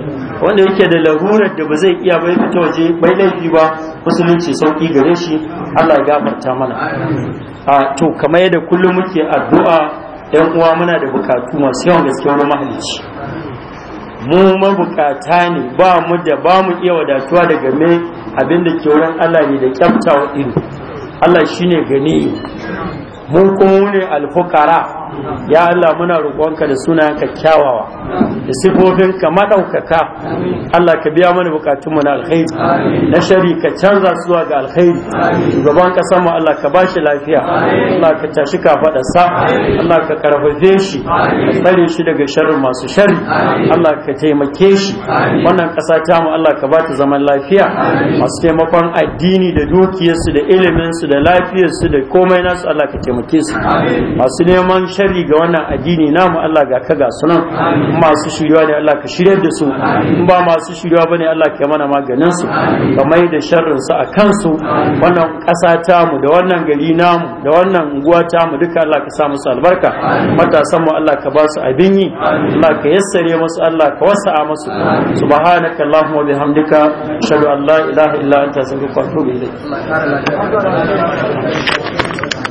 wanda yake da larurar da ba zai iya bai fita waje bai laifi ba musulunci sauki gare shi Allah ya gafarta mana a to kamar yadda kullum muke addu'a yan uwa muna da bukatu masu yawan gaske wani mahalicci mu mabukata ne ba mu da ba mu iya wadatuwa da game abin da ke wurin Allah ne da kyautawa ido Allah shine gani mu kuma ne alfukara ya Allah muna roƙonka da sunayen kyawawa da ka maɗaukaka Allah ka biya mana bukatunmu na alkhairi na shari ka canza zuwa ga alkhairi shugaban ƙasar mu Allah ka bashi lafiya Allah ka tashi kafaɗarsa Allah ka karfafe shi ka tsare shi daga sharrin masu shari Allah ka taimake shi wannan ƙasa ta mu Allah ka bata zaman lafiya masu taimakon addini da dukiyarsu da iliminsu da lafiyarsu da komai nasu Allah ka taimake su masu neman shari sharri ga wannan addini namu Allah ga ka ga sunan masu shirya ne Allah ka shiryar da su in ba masu shirya bane Allah ka mana maganin su ka mai da sharrin su a kansu wannan ƙasa mu da wannan gari namu da wannan unguwa mu duka Allah ka sa musu albarka matasan mu Allah ka ba su abin yi Allah ka yassare musu Allah ka wasa'a musu subhanaka allahumma wa bihamdika ashhadu an la ilaha illa anta astaghfiruka wa atubu
ilayk